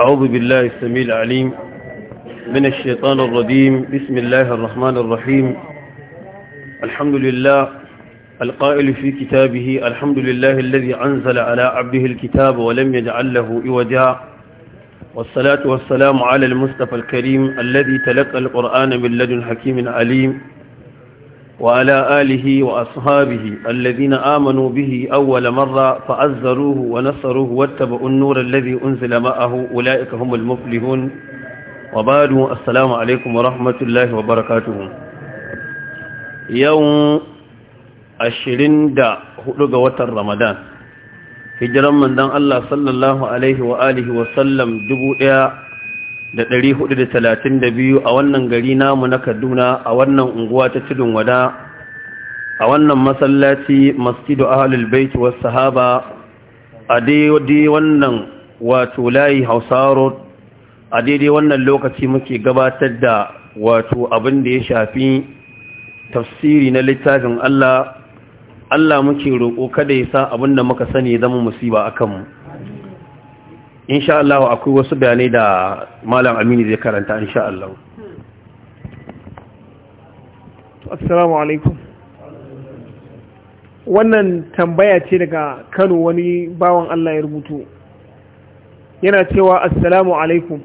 أعوذ بالله السميع العليم من الشيطان الرجيم بسم الله الرحمن الرحيم الحمد لله القائل في كتابه الحمد لله الذي أنزل على عبده الكتاب ولم يجعل له إوجا والصلاة والسلام على المصطفى الكريم الذي تلقى القرآن من لدن حكيم عليم وعلى آله وأصحابه الذين آمنوا به أول مرة فأزروه ونصروه واتبعوا النور الذي أنزل معه أولئك هم المفلحون وبعد السلام عليكم ورحمة الله وبركاته يوم أشرين دا هدوغ وتر رمضان hijiran manzon Allah sallallahu alaihi wa alihi wa sallam da ɗari hudu da talatin da biyu a wannan gari namu na kaduna a wannan unguwa ta tudun wada a wannan masallaci masjidu ahalul baiti wasu sahaba a daidai wannan wato layi hausaro a daidai wannan lokaci muke gabatar da wato abin da ya shafi tafsiri na littafin Allah Allah muke roƙo kada ya sa abin da muka sani zama musiba a kanmu sha Allah akwai wasu bayanai da malam amini zai karanta sha Allah assalamu alaikum wannan tambaya ce daga kano wani bawan Allah ya rubutu yana cewa assalamu alaikum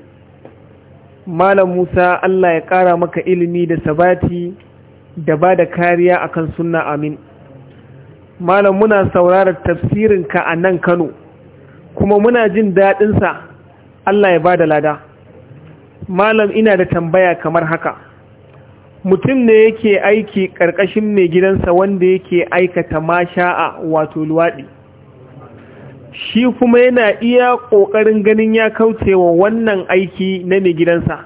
malam musa Allah ya kara maka ilimi da sabati da ba da kariya akan sunna amin malam muna saurarar tafsirinka a nan kano kuma muna jin daɗinsa Allah ya ba da lada malam ina da tambaya kamar haka mutum ne yake aiki ƙarƙashin mai gidansa wanda yake aikata masha'a wato luwaɗi shi kuma yana iya ƙoƙarin ganin ya kauce wa wannan aiki na mai gidansa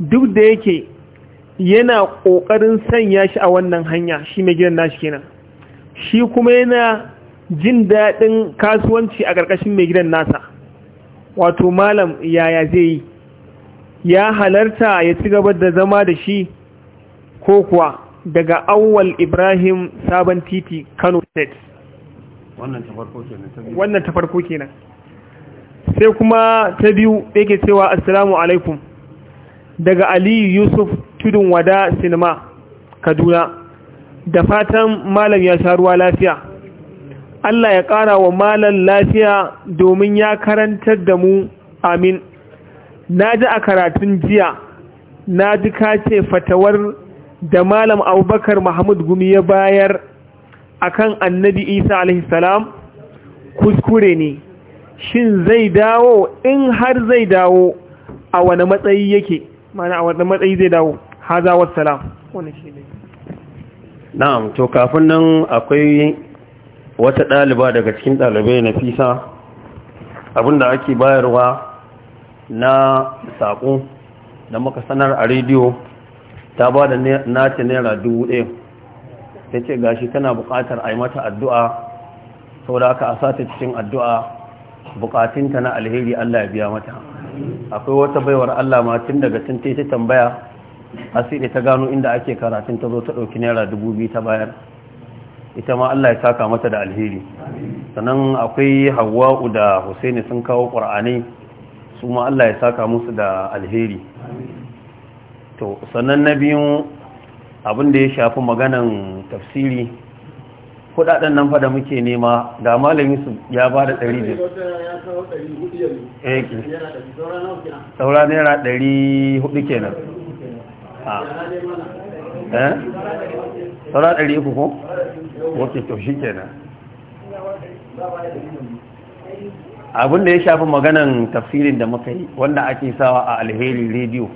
duk da yake yana ƙoƙarin sanya shi a wannan hanya shi mai gidan nashi kenan shi kuma yana jin daɗin kasuwanci a ƙarƙashin mai gidan nasa wato malam yaya zai yi ya halarta ya ci gaba da zama da shi ko kuwa daga awwal ibrahim sabon titi kano state wannan ta farko kenan sai kuma ta biyu yake cewa assalamu alaikum daga aliyu yusuf tudun wada sinima kaduna da fatan malam ya sha ruwa lafiya Allah ya ƙara wa malar lafiya domin ya karantar da mu amin na ji a karatun jiya na ji kace fatawar da malam abubakar mahmud gumi ya bayar akan annabi isa alaihissalam kuskure ne shin zai dawo in har zai dawo a wani matsayi yake mana a wani matsayi zai dawo haza wassalam wani shi ne na'am to kafin nan akwai wata ɗaliba daga cikin ɗalibai na fisa abinda ake bayarwa na saƙo da muka sanar a rediyo ta ba da nata naira dubu ɗaya ta ce gashi tana buƙatar a yi mata addu'a sau da aka asata cikin addu'a buƙatinta na alheri Allah ya biya mata akwai wata baiwar Allah ma tun daga tun ta tambaya asiri ta gano inda ake karatun ta zo ta ɗauki naira dubu biyu ta bayar ita ma Allah ya saka mata da alheri sannan akwai hawa'u da husaini sun kawo ƙwar'ani su ma Allah ya saka musu da alheri to sannan na biyu abin da ya shafi maganan tafsiri kudaden nan fada muke nema ga malamin su ya ba da 100 eh, saura naira 400 kenan ah. eh? saura 300 ko? wato to shi kenan abin da ya shafi maganan tafsirin da muka yi wanda ake sawa a alheri rediyo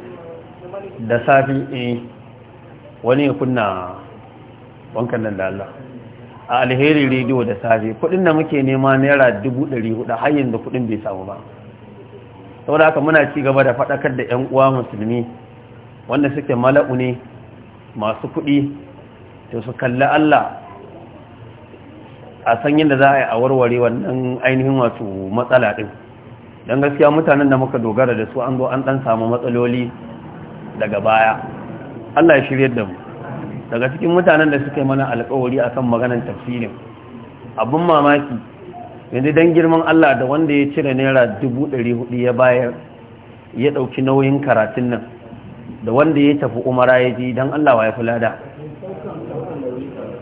da safi eh wani ya kunna wankan nan da Allah a alheri rediyo da safi kudin da muke nema naira 400 har yanzu kudin bai samu ba saboda haka muna ci gaba da faɗakar da 'yan uwa musulmi wanda suke mala'u ne masu kuɗi to su kalli Allah a san da za a yi a warware wannan ainihin wato matsala ɗin don gaskiya mutanen da muka dogara da su an zo an ɗan samu matsaloli daga baya allah ya shirya da mu daga cikin mutanen da suka yi mana alkawari a kan maganar tafsirin abin mamaki yanzu don girman allah da wanda ya cire naira dubu ɗari hudu ya bayar ya ɗauki nauyin karatun nan da wanda ya tafi umara ya ji don allah wa ya fi lada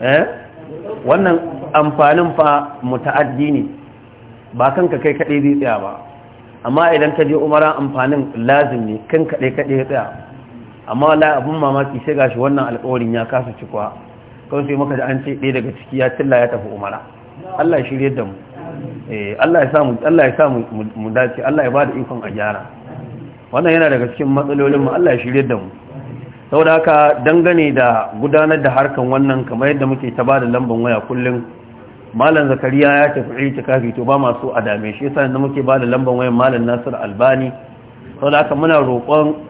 eh? wannan amfanin fa muta'addi ne ba kanka kai kaɗai zai tsaya ba amma idan ka je umara amfanin lazim ne kan kaɗai kaɗai ya tsaya amma la abin mamaki sai gashi wannan alƙawarin ya kasa cikuwa kawai sai maka da an ce ɗaya daga ciki ya cilla ya tafi umara Allah ya shirye da mu eh, Allah ya sa mu Allah ya sa mu dace Allah ya ba da ikon a gyara wannan yana daga cikin matsalolin mu Allah ya shirye da mu saboda haka dangane da gudanar da harkan wannan kamar yadda muke ta ba da lambar waya kullum malam zakariya ya tafi itikafi to ba masu a dame shi yasa yanzu muke ba da lambar wayan malam nasir albani da aka muna roƙon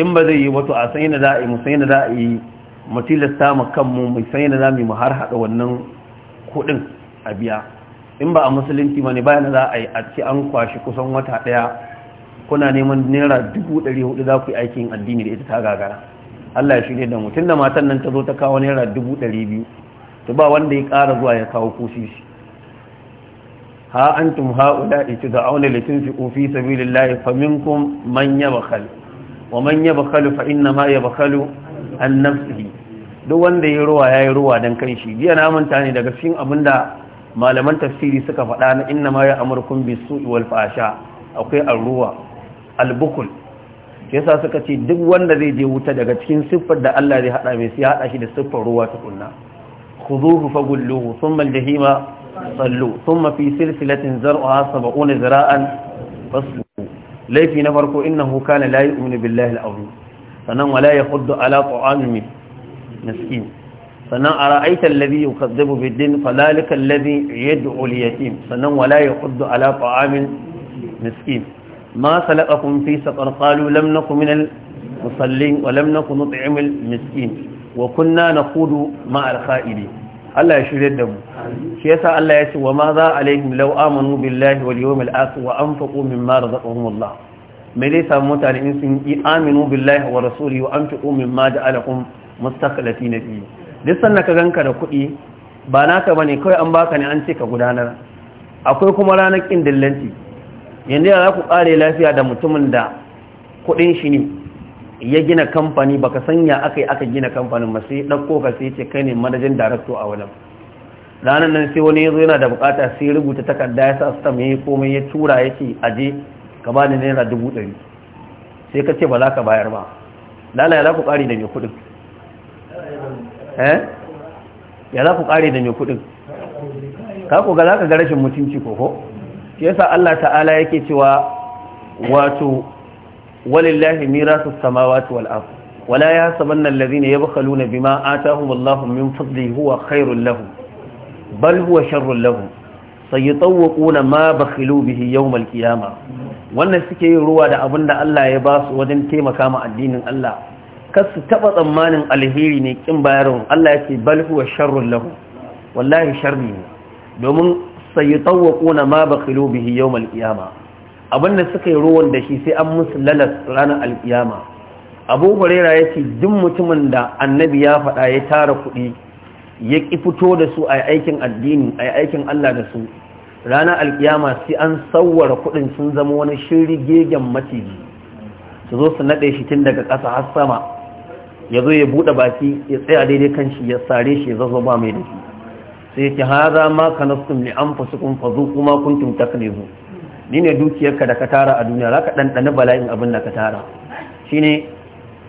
in ba zai yi wato a san na za a yi mu san na za mu tilasta mu kanmu mu san na za mu har haɗa wannan kuɗin a biya in ba a musulunci ba ne bayan za a yi a ci an kwashi kusan wata ɗaya kuna neman naira dubu ɗari hudu za ku yi aikin addini da ita ta gagara Allah ya shirya da mu da matan nan ta zo ta kawo naira dubu ɗari biyu to ba wanda ya ƙara zuwa ya kawo kusi shi ha antum haula itu da auna litin fi lillahi sabilillahi faminkum man yabkhal wa man bakalu fa inna ma bakalu an nafsihi duk wanda ya ruwa ya yi ruwa dan kanshi jiya na manta ne daga cikin da malaman tafsiri suka faɗa na inna ma amurkun bi su iwal fasha akwai ar-ruwa al yasa suka ce duk wanda zai je wuta daga cikin siffar da Allah zai haɗa mai siya haɗa shi da siffar ruwa tukunna خذوه فغلوه ثم الجهيم صلوه ثم في سلسلة زرعها سبعون زراء فصلوه ليس نفرك إنه كان لا يؤمن بالله العظيم فنم ولا يخد على طعام مسكين فنم أرأيت الذي يكذب بالدين فذلك الذي يدعو اليتيم فنم ولا يخد على طعام مسكين ما سلقكم في سقر قالوا لم نكن من المصلين ولم نكن نطعم المسكين wa kunna na ma al Allah ya shirye da mu shi yasa Allah ya ce wa ma za alaihim law amanu billahi wal yawmil akhir wa anfaqu mimma razaqahumullah me dai samu mutane in sun yi aminu billahi wa rasulihi wa anfaqu mimma ja'alakum mustaqlatin fiye. duk sannan ka ganka da kuɗi ba naka bane kawai an baka ne an ce ka gudanar akwai kuma ranar ƙin dillanci yanzu ya za ku kare lafiya da mutumin da kuɗin shi ne ya gina kamfani baka sanya aka yi aka gina kamfanin ba sai ɗauko ka sai ce kai ne manajan darakto a wajen ranar nan sai wani ya zo yana da bukata sai rubuta takarda ya sa stam ya yi komai ya tura ya ce aje ka ba ni naira dubu ɗari sai ka ce ba za ka bayar ba lalaya za ku ƙari da mai kuɗin eh? ya za ku ƙari da mai kuɗin ka ku ga za ka ga rashin mutunci koko shi yasa Allah ta'ala yake cewa wato walillahi mirasu samawati wal ardh wala yahsabanna alladhina yabkhaluna bima atahum Allahu min fadlihi huwa khairul lahum bal huwa sharrul lahum sayatawquna ma bakhilu bihi yawm al wannan suke yin ruwa da abinda Allah ya ba su wajen taimaka ma addinin Allah kar su taba tsammanin alheri ne kin bayarwa Allah ya ce bal huwa sharrul lahum wallahi sharri ne domin sayatawquna ma bakhilu bihi yawm al da suka yi ruwan da shi sai an musu lalas ranar alkiyama abu huraira ya ce duk mutumin da annabi ya faɗa ya tara kuɗi ya ƙi fito da su a aikin addini a aikin allah da su ranar alkiyama sai an sauwara kuɗin sun zama wani shiri gegen maciji su zo su naɗe shi tun daga ƙasa har sama ya zo ya buɗe baki ya tsaya daidai kan shi ya sare shi ya zazzaba mai da shi sai ya ce haza ma kanastum ne an fasu fazu kuma kuntum taklizu ni ne dukiyarka da ka tara a duniya za ka ɗanɗana bala'in abin da ka tara shi ne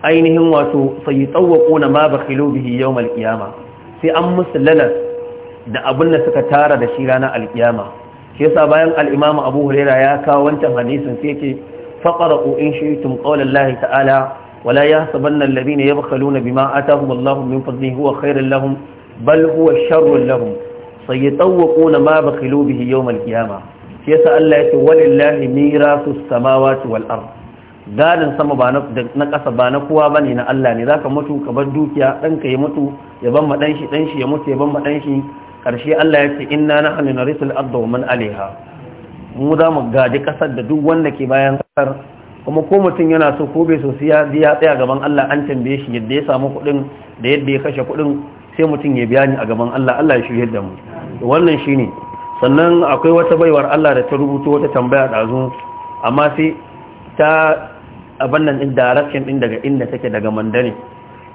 ainihin wato sai tsawwako na ma ba bihi yau malkiyama sai an musu lalas da abin da suka tara da shi ranar alkiyama shi yasa bayan al'imama abu huraira ya kawo wancan hadisin sai ce faƙara ko in shaitum ƙaunar lahi ta'ala wala ya saban nan labi ne ya bakalo na bima a tahu wallahu min fadli huwa khairun lahum bal huwa sharrun lahum sai ya tsawwako na ma ba bihi yau malkiyama shi yasa Allah ya ce walillahi mirasu samawati wal ard dalin sama ba na kasa ba na kowa bane na Allah ne zaka mutu ka bar dukiya dan ka ya mutu ya ban dan shi dan shi ya mutu ya ban dan shi karshe Allah ya inna nahnu narisul ard wa man alaiha mu za mu gaji kasar da duk wanda ke bayan kasar kuma ko mutum yana so ko bai so sai ya tsaya gaban Allah an tambaye shi yadda ya samu kuɗin da yadda ya kashe kuɗin sai mutum ya biya ni a gaban Allah Allah ya shirye da mu wannan shine sannan akwai wata baiwar Allah da ta rubuto wata tambaya ɗazu amma sai ta abannan nan ɗin direction ɗin daga inda take daga mandane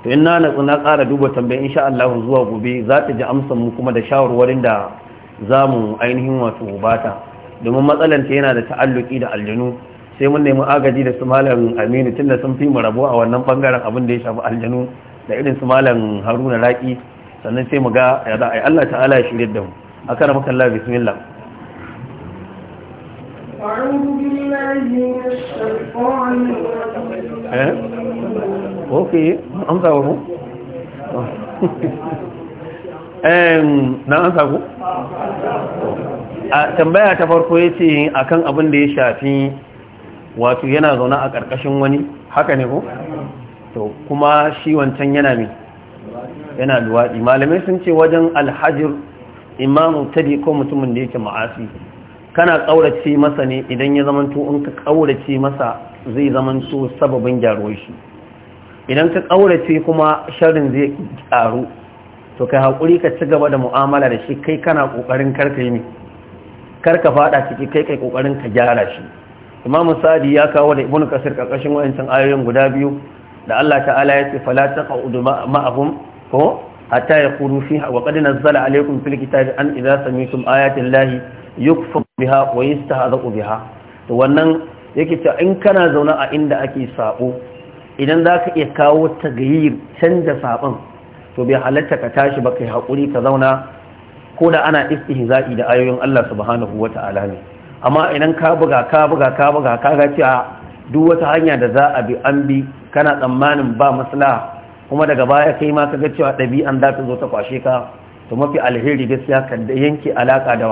to in na natsu na kara duba tambaya insha Allah zuwa gobe za ta ji amsan mu kuma da shawarwarin da zamu mu ainihin wato bata domin ta yana da ta'alluki da aljanu sai mun nemi agaji da su malam aminu tunda sun fi mu rabo a wannan bangaren abin da ya shafi aljanu da irin su malam haruna raki sannan sai mu ga ya za a yi allah ta'ala ya shirye da mu أكرمك الله بسم الله أعوذ eh? na an a tambaya ta farko ya ce akan abin da ya shafi wato yana zaune a ƙarƙashin wani haka ne ko? to kuma shi wancan yana ne yana luwaɗi malamai sun ce wajen Alhaji. imamu tabi ko mutumin da yake ma'asi kana ƙaurace masa ne idan ya to in ka ƙaurace masa zai zama to sababin gyaruwar shi idan ka ƙaurace kuma sharrin zai karu to kai haƙuri ka ci gaba da mu'amala da shi kai kana ƙoƙarin karka yi karka faɗa ciki kai kai ƙoƙarin ka gyara shi imam sadi ya kawo da ibnu kasir karkashin wayancin ayoyin guda biyu da Allah ta'ala ya ce fala taqa'udu ma'ahum ko A ya kudu fiha wa qad nazzala alaykum fil kitabi an idza sami'tum ayatin lahi yukfar biha biha to wannan yake ta in kana zauna a inda ake sabo idan zaka iya kawo tagayir canza sabon to bai halatta ka tashi ba kai hakuri ka zauna ko da ana istihza'i da ayoyin Allah subhanahu wata'ala ne amma idan ka buga ka buga ka buga ka ga cewa duk wata hanya da za a bi an bi kana tsammanin ba maslaha kuma daga baya kai ma kaga cewa ɗabi'an za ta zo ta kwashe ka to mafi alheri gaskiya ka yanke alaka da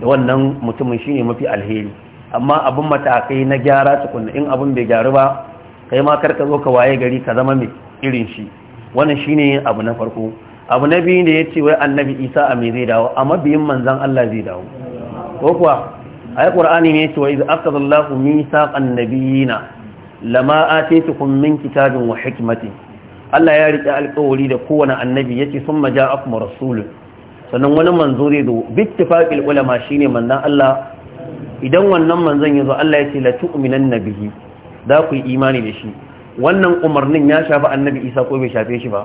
da wannan mutumin shine mafi alheri amma abin matakai na gyara tukunna in abin bai gyaru ba kai ma kar ka zo ka waye gari ka zama mai irin shi wannan shine abu na farko abu na biyu da yace wai annabi Isa a me zai dawo a mabiyin manzon Allah zai dawo ko kuwa ayi qur'ani ne yace wa iz akhadha Allahu mithaqan nabiyina lama atitukum min kitabin wa hikmatin Allah ya riƙe alƙawari da kowane annabi yace maja ja'akum rasulun sannan wani manzo zai zo bittifaqil ulama shine manzon Allah idan wannan manzon zo Allah yace la tu'minanna bihi za ku yi imani da shi wannan umarnin ya shafi annabi Isa ko bai shafe shi ba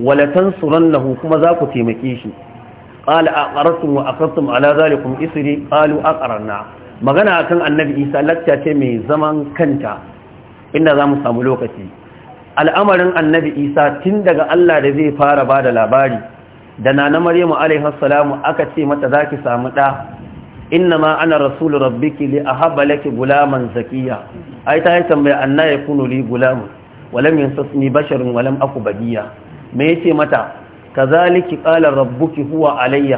wala tansurannahu kuma za ku taimake shi qala aqartum wa aqartum ala zalikum isri qalu aqarna magana akan annabi Isa lacca ce mai zaman kanta inda za mu samu lokaci al'amarin annabi isa tun daga allah da zai fara ba da labari da na na maryamu alaihissalamu aka ce mata za ki samu ɗa inna ma ana rasulu rabbiki li a haɓa laki gulaman zakiya ai ta yi tambaya anna ya kunu li gulamun walam yin sassani basharin walam aku bagiya me yace mata ka zaliki ƙalar rabbuki huwa alayya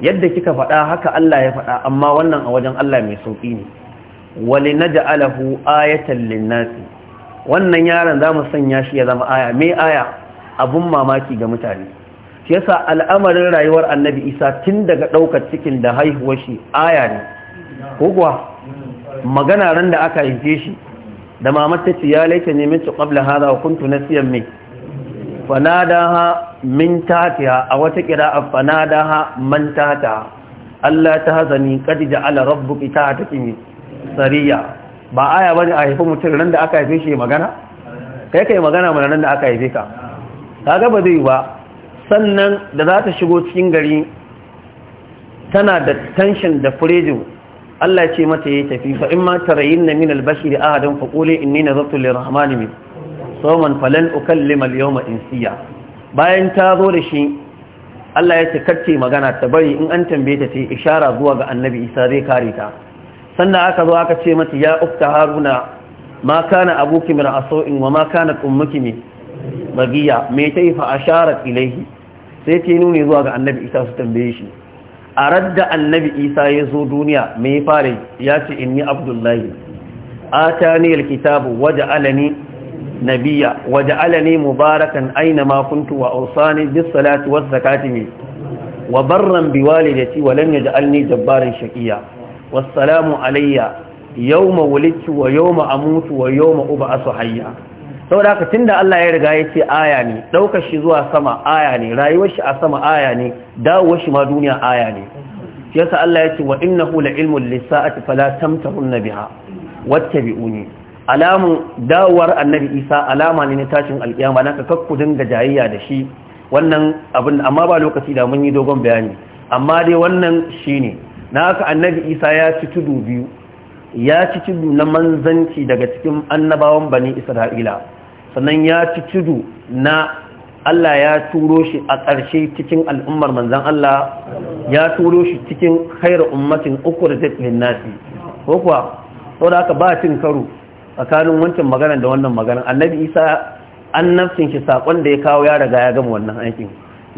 yadda kika faɗa haka Allah ya faɗa amma wannan a wajen Allah mai sauƙi ne wali naj'alahu ayatan lin-nasi wannan yaron za mu sanya shi ya zama aya mai aya abun mamaki ga mutane shi yasa al'amarin rayuwar annabi isa tun daga ɗaukar cikin da haihuwar shi aya ne ko magana ran da aka yi shi da mamata ta ce ya laita ne mintu qabla hada wa kuntu mai fanada ha min tatiya a wata fanada ha man tata Allah ta hazani qad ja'ala rabbuki tahtaki sariya ba aya ba ne a haifi mutum ran da aka haife shi magana kai yi magana mana ran da aka haife ka kaga ba zai ba sannan da za ta shigo cikin gari tana da tension da furejin Allah ce mata yayi tafi fa in ma na min al-bashir in nina quli inni nazartu rahmani min falen falan ukallima al-yawma insiya bayan ta zo da shi Allah ya ce kacce magana ta bari in an tambaye ta ce ishara zuwa ga annabi Isa zai kare ta sannan aka zo aka ce mata ya ukta haruna ma kana abuki min asau'in wa ma kana ummuki min bagiya me yi fa asharat ilaihi sai ta nuni zuwa ga annabi isa su tambaye shi a radda annabi isa ya zo duniya mai fara ya ce yi abdullahi atani alkitabu waja'alani Waje alani mubarakan aina ma kuntu wa awsani bis salati waz zakati wa barran biwalidati wa ya yaj'alni jabbaran shaqiya wassalamu alayya yawma wulidtu wa yawma amutu wa yawma ub'asu hayya saboda haka tunda Allah ya riga ya ce aya ne daukar shi zuwa sama aya ne rayuwar shi a sama aya ne dawowar shi ma duniya aya ne yasa Allah ya ce wa innahu la ilmin lis fala tamtahunna biha wattabi'uni alamun dawowar annabi Isa alama ne na tashin alkiyama ka kakku dinga jayayya da shi wannan abin amma ba lokaci da mun yi dogon bayani amma dai wannan shine na haka annabi isa ya ci tudu biyu ya ci tudu na manzanci daga cikin annabawan bani isra'ila sannan ya ci tudu na Allah ya turo shi a ƙarshe cikin al'ummar manzan Allah ya turo shi cikin khairu ummatin uku da tattalin nasi ko kuwa sau da aka ba cin karu tsakanin wancan maganar da wannan maganar annabi isa an nafsin shi saƙon da ya kawo ya riga ya gama wannan aikin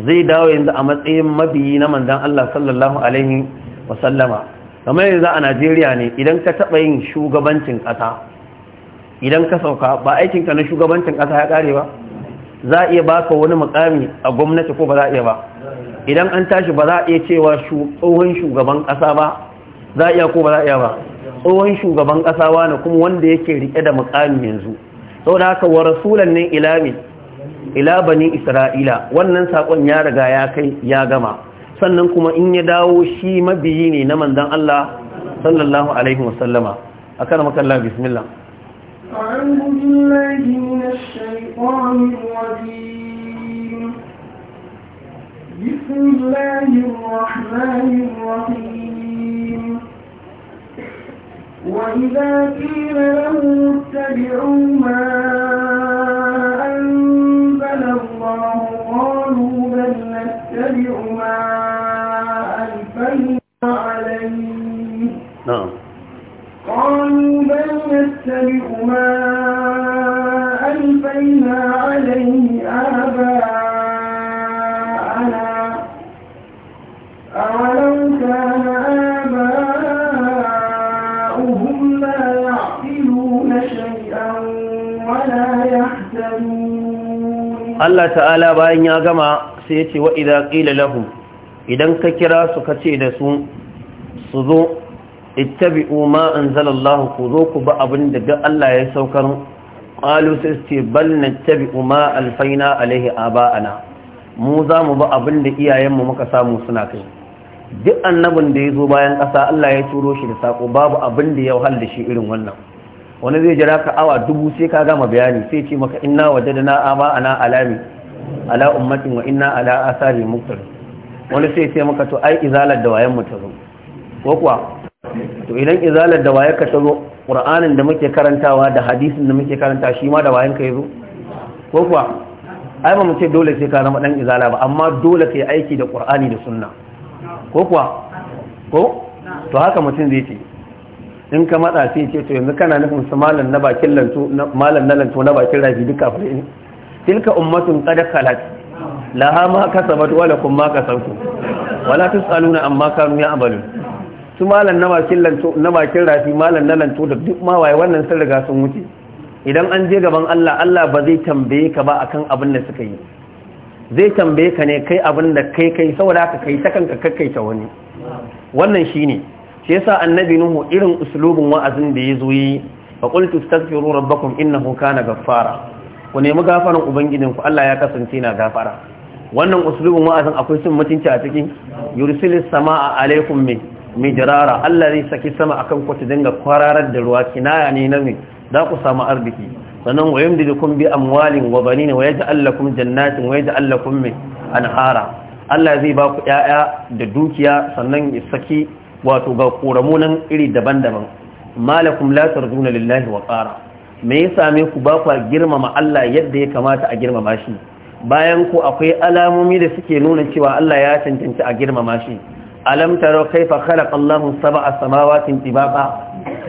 zai dawo yanzu a matsayin mabiyi na manzan Allah sallallahu alaihi wasallama kamar yanzu a najeriya ne idan ka taɓa yin shugabancin ƙasa idan ka sauka ba aikinka na shugabancin ƙasa ya ƙare ba za a iya baka wani mukami a gwamnati ko ba za a iya ba idan an tashi ba za a iya cewa tsohon shugaban ƙasa ba za a iya ko ba za a iya ba tsohon shugaban ƙasa wani kuma wanda yake rike da mukami yanzu sau da haka wa rasulan nan ilami ila bani isra'ila wannan saƙon ya riga ya kai ya gama sannan kuma in ya dawo shi mabiyi ne na manzon Allah sallallahu alaihi wasallama akan makalla bismillah بسم الله الرحمن الرحيم وإذا قيل له اتبعوا ما أنت نتبع ما ألفينا عليه نعم قالوا بل نتبع ما ألفينا عليه آباءنا أولو كان آباؤهم لا يعقلون شيئا ولا يهتدون الله تعالى باين sai ya ce wa idan ƙila lahu idan ka kira su ka ce da su su zo ittabi'u ma anzalallahu ku zo ku ba abin da ga Allah ya saukar qalu sai bal nattabi'u umar alfaina alaihi ba'ana mu za mu ba abin da iyayenmu muka samu suna kai duk annabin da ya zo bayan ƙasa Allah ya turo shi da saƙo babu abin da ya wahal da shi irin wannan wani zai jira ka awa dubu sai ka gama bayani sai ce maka inna wajadna aba'ana alami ala ummatin wa inna ala asari muktar wani sai ce maka to ai izalar da wayan mu zo ko kuwa to idan izalar da wayan ka ta zo qur'anin da muke karantawa da hadisin da muke karanta shi ma da wayan ka yazo ko kuwa ai ba mu ce dole sai ka zama dan izala ba amma dole kai aiki da qur'ani da sunna ko kuwa ko to haka mutum zai ce in ka matsa sai ce to yanzu kana nufin su malam na bakin lanto malam na lanto na bakin rafi duka fure ne tilka ummatun qad khalat laha ma kasabat wa lakum ma kasabtum wala tusaluna amma kanu ya'malun su malan na bakin lanto na bakin rafi malan na lanto da duk mawaye wannan sun riga sun wuce idan an je gaban Allah Allah ba zai tambaye ka ba akan abin da suka yi zai tambaye ka ne kai abin da kai kai saboda ka kai ta kanka kakkaita wani wannan shine shi yasa annabi nuhu irin uslubin wa'azin da yazo yi fa qultu astaghfiru rabbakum innahu kana ghaffara ku nemi gafaran ku. Allah ya kasance na gafara wannan uslubin wa'azin akwai sun mutunci a cikin yursilis sama'a alaikum min mijrara Allah zai saki sama akan ku ta dinga kwararar da ruwa kinaya ne na me za ku samu arziki sannan wa yamdidukum bi amwalin wa banin wa yaj'al lakum jannatin wa yaj'al lakum min anhara Allah zai ba ku ‘ya'ya da dukiya sannan ya saki wato ga ƙoramunan iri daban-daban, malakum latar zuna lillahi wa ƙara. me ya same ku ba ku girmama Allah yadda ya kamata a girmama shi bayan ku akwai alamomi da suke nuna cewa Allah ya cancanci a girmama shi alam taro kaifa khalaqallahu sab'a samawatin tibaqa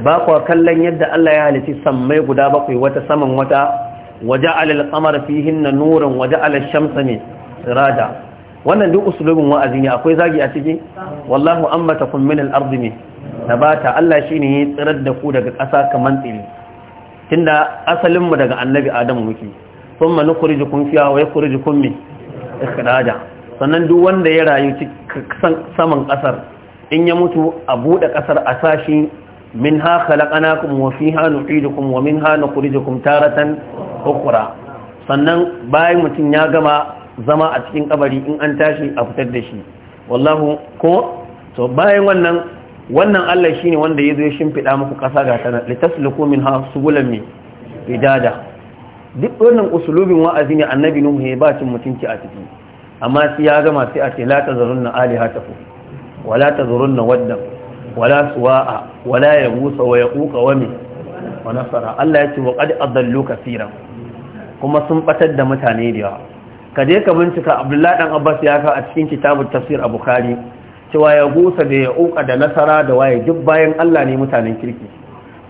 ba ku kallon yadda Allah ya halici sammai guda bakwai wata saman wata waja'al al-qamara fihinna nuran waja'al ash-shamsa sirada wannan duk usulubin wa'azi ne akwai zagi a ciki wallahu amma takum min al-ardi nabata Allah shine ya tsirar da ku daga ƙasa kamar tsiri tunda asalin mu daga annabi adamu muke thumma nukhrijukum fiya wa jikun min ikhraja sannan duk wanda ya rayu saman kasar in ya mutu a buɗe kasar a sashi halakana kuma wa hannu nu'idukum wa kuri jikun taratan hukura sannan bayan mutum ya gama zama a cikin kabari in an tashi a fitar da shi wallahu ko to bayan wannan wannan Allah shi ne wanda ya zo ya shimfiɗa muku ƙasa ga tana litasluku ha subulan mi idada duk wannan usulubin wa'azi ne annabi nuhu ya ba cin mutunci a ciki amma sai ya gama sai a ce la tazurunna tafu wala tazurunna waddan wala suwa'a wala yagusa wa yaquqa wa mi wa nasara Allah ya ce wa qad adallu kaseeran kuma sun batar da mutane da yawa ka je ka bincika Abdullahi dan Abbas ya ka a cikin kitabut tafsir a Bukhari cewa ya gusa da ya uka da nasara da waye duk bayan Allah ne mutanen kirki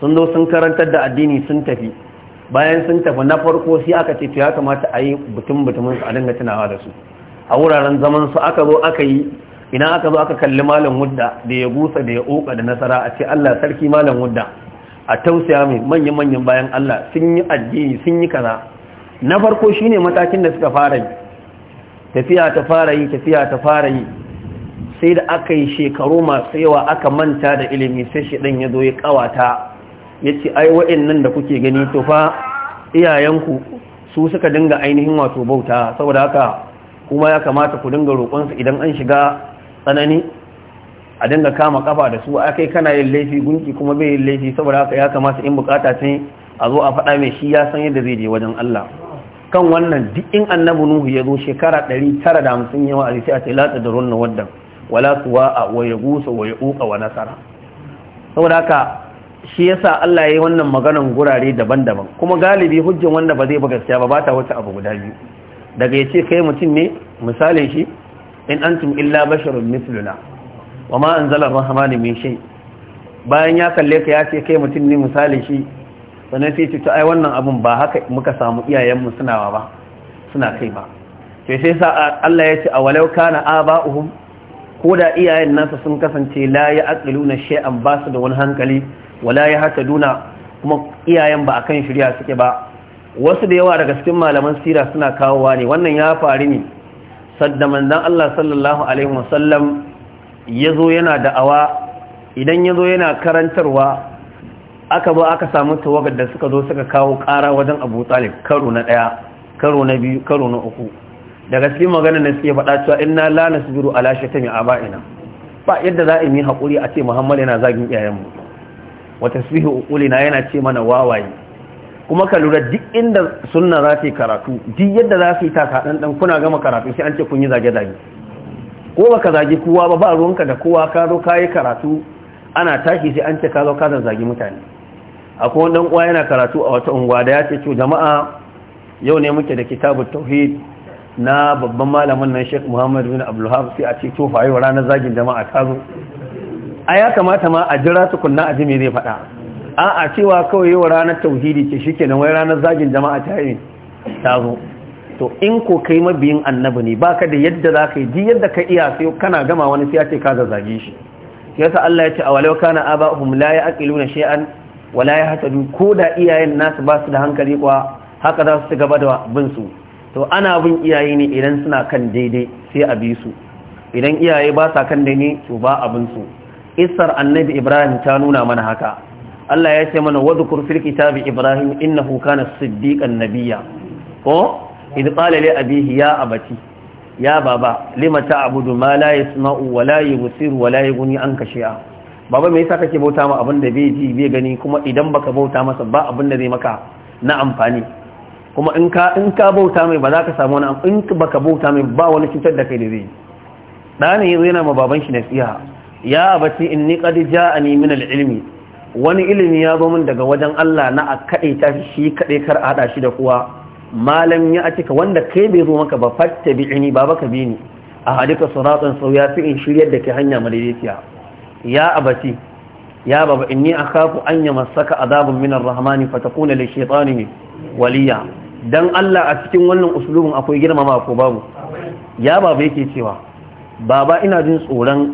sun zo sun karantar da addini sun tafi bayan sun tafi na farko sai aka ce to ya kamata a yi butun butumin a dinga tunawa da su a wuraren zaman su aka zo aka yi idan aka zo aka kalli malam wudda da ya gusa da ya uka da nasara a ce Allah sarki malam wudda a tausaya mai manya-manyan bayan Allah sun yi addini sun yi kaza na farko shine matakin da suka fara yi tafiya ta fara yi tafiya ta fara yi sai da aka yi shekaru masu yawa aka manta da ilimi sai ɗan ya zo ya ƙawata ya ce ai nan da kuke gani to fa iyayenku su suka dinga ainihin wato bauta saboda haka kuma ya kamata ku dinga roƙonsu idan an shiga tsanani a dinga kama kafa da su a kai kana yin laifi gunki kuma bai yin laifi saboda haka ya kamata in bukata ce a zo a faɗa mai shi ya san yadda zai je wajen Allah kan wannan duk in annabi nuhu ya zo shekara 950 yawa a a ce latsa da runna waddan wala a waye gusa wa uka wa nasara saboda haka shi yasa Allah yayi wannan maganan gurare daban-daban kuma galibi hujjan wanda ba zai ba gaskiya ba ba ta wata abu guda biyu daga yace kai mutum ne misalin shi in antum illa basharun mithluna ma anzala ar min shay bayan ya kalle ka yace kai mutum ne misalin shi sanan sai ce to ai wannan abun ba haka muka samu iyayenmu suna ba suna kai ba sai sai sa Allah ya ce awalau kana aba'uhum ko da iyayen nasa sun kasance la ya na shay'an ba su da wani hankali wala ya duna kuma iyayen ba akan shirya suke ba wasu da yawa daga cikin malaman sira suna kawowa ne wannan ya faru ne sadda manzon Allah sallallahu alaihi wasallam yazo yana da'awa idan yazo yana karantarwa aka zo aka samu tawagar da suka zo suka kawo ƙara wajen Abu Talib karo na ɗaya karo na biyu karo na uku daga cikin magana na suke faɗa cewa inna la nasbiru ala a ba'ina. ba yadda za a yi hakuri a ce Muhammad yana zagin iyayen iyayenmu wa tasbihu uqulina yana ce mana wawaye kuma ka lura duk inda sunna za ta yi karatu duk yadda za su yi taka dan dan kuna gama karatu sai an ce kun yi zage zage ko baka zage kowa ba ba ruwanka da kowa ka zo ka yi karatu ana tashi sai an ce ka zo ka zage mutane akwai wani dan uwa yana karatu a wata unguwa da ya ce to jama'a yau ne muke da kitabut tauhid na babban malamin nan Sheikh Muhammad bin Abdul sai a ce to fa yau ranar zagin jama'a ta zo a ya kamata ma a jira tukunna a ji zai faɗa a a cewa kawai yau ranar tauhidi ce shikenan wai ranar zagin jama'a ta yi ta zo to in ko kai mabiyin annabi ne baka da yadda za ka yi ji yadda ka iya sai kana gama wani sai ya ce ka zazzage shi yasa Allah ya ce awalau kana aba'uhum la ya'qiluna shay'an wala ya hatadu ko da iyayen nasu ba su da hankali kuwa haka za su gaba da bin su to ana bin iyaye ne idan suna kan daidai sai a bi su idan iyaye ba sa kan daidai to ba abin su isar annabi ibrahim ta nuna mana haka Allah ya ce mana wadhkur fil kitabi ibrahim innahu kana siddiqan nabiyya ko idh qala a abihi ya abati ya baba lima ta'budu ma la yasma'u wa la yubsiru wa la yughni anka shay'a baba me yasa kake bauta ma abin da bai ji bai gani kuma idan baka bauta masa ba abin da zai maka na amfani kuma in ka ka bauta mai ba za ka samu wani in baka bauta mai ba wani cutar da kai da zai da yana ma baban shi nasiha ya ni inni qad ja'ani min al-ilmi wani ilimi ya zo min daga wajen Allah na a kaɗe ta shi kaɗe kar a haɗa shi da kuwa malam ya cika wanda kai bai zo maka ba fatta bi ini ba baka bi ni a hadika suratun sau ya fi in shiryar da ke hanya madaidaiciya ya abati ya baba inni akhafu an yamassaka adabun minar rahmani fatakuna lishaitani waliya dan Allah a cikin wannan usulubin akwai girmama ko babu ya baba yake cewa baba ina jin tsoron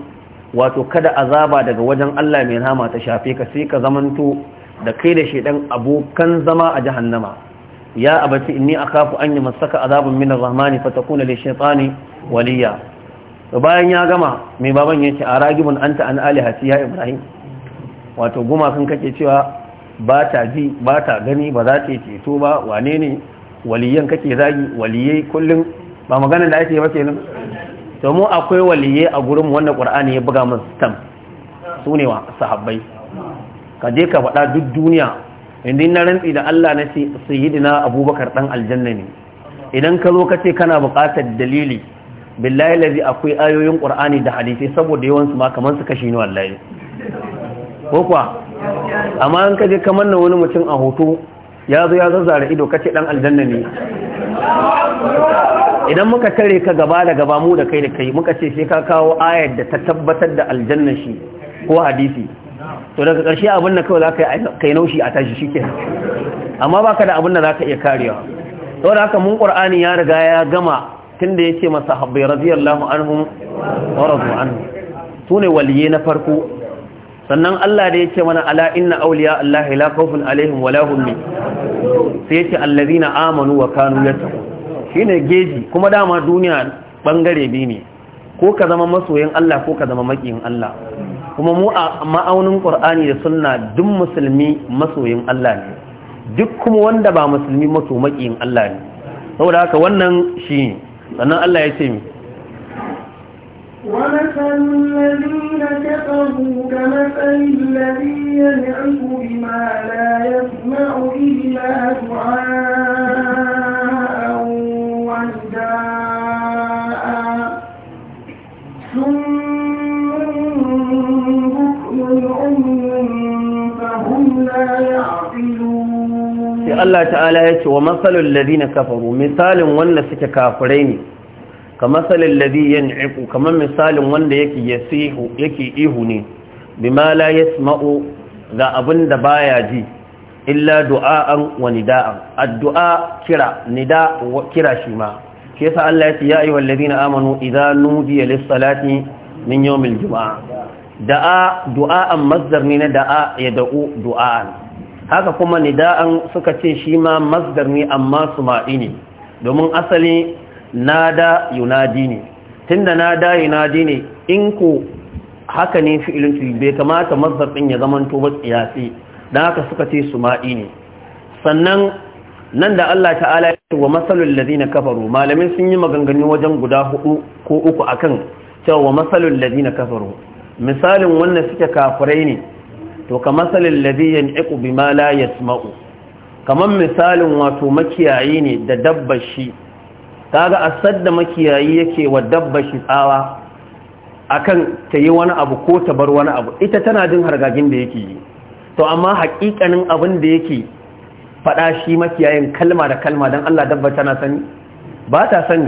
wato kada azaba daga wajen Allah mai rahama ta shafe ka sai ka zamanto da kai da shedan abokan zama a jahannama ya abati inni akafu an masaka azabun min ta kuna fatakuna lish-shaytani waliya bayan ya gama mai baban yace aragibun anta an alihati ya ibrahim wato gumakan kake cewa ba ta ji ba ta gani ba za ta yi ceto ba wane ne waliyan kake zagi waliyai kullum ba magana da ake ba nan. to mu akwai waliyai a gurin wannan qur'ani ya buga musu stamp sune wa sahabbai ka je ka faɗa duk duniya inda na rantsi da Allah na ce sayyidina abubakar dan aljanna ne idan ka zo ka ce kana buƙatar dalili billahi lazi akwai ayoyin qur'ani da hadisi saboda yawansu ma kamar su kashi ne wallahi ko kuwa amma an kaje kamar na wani mutum a hoto ya zo ya zazzara ido kace dan aljanna ne idan muka tare ka gaba da gaba mu da kai da kai muka ce sai ka kawo ayar da ta tabbatar da aljanna shi ko hadisi to daga ƙarshe abin da kawai za ka yi kai naushi a tashi shi kenan amma baka da abin da za ka iya karewa To da haka mun ƙur'ani ya riga ya gama tun da ya ce masa habbai radiyallahu anhu wa anhu su ne waliye na farko sannan Allah da ya ce mana ala inna auliya Allah la khawfun alaihim wa la hum sai ya ce allazina amanu wa kanu yattaqun shine geji kuma dama duniya bangare biyu ne ko ka zama masoyin Allah ko ka zama makiyin Allah kuma mu a ma'aunin Qur'ani da sunna duk musulmi masoyin Allah ne duk kuma wanda ba musulmi mato makiyin Allah ne saboda haka wannan shi sannan Allah ya ce mi ومثل الذين كفروا كمثل الذي ينعس بما لا يسمع إلا دعاء ونداء ثم بكم عم فهم لا يعقلون الله تعالى يقول ومثل الذين كفروا مثال ولا سك كافرين kama salin ladi yin iku kama misalin wanda yake ihu ne bima la sma'u ga abin da ba ya ji illa du'a'an wa nida'an addu'a kira nida kira shi ma ke sa Allah ya ce ya ayyuhal ladina amanu idza nudiya lis salati min yawmil jumu'a da'a du'a'an masdar ne da'a ya da'u du'a'an haka kuma nida'an suka ce shi ma masdar ne amma suma'i ne domin asali nada yunadi ne tunda nada yunadi ne in ku haka ne fi'ilin tu bai kamata mazhabin ya zama to ba tsiyasi haka suka ce su suma'i ne sannan nan da Allah ta'ala ya ce wa masalul ladina kafaru malamin sun yi maganganu wajen guda hudu ko uku akan cewa wa masalul ladina kafaru misalin wannan suke kafirai ne to ka masalin ladiyan iku bima la yasma'u kaman misalin wato makiyayi ne da dabbar shi kaga asad da makiyayi yake wa dabba shi tsawa akan ta yi wani abu ko ta bar wani abu ita tana jin hargagin da yake yi to amma haƙiƙanin abin da yake faɗa shi makiyayin kalma da kalma don Allah dabba tana sani ba ta sani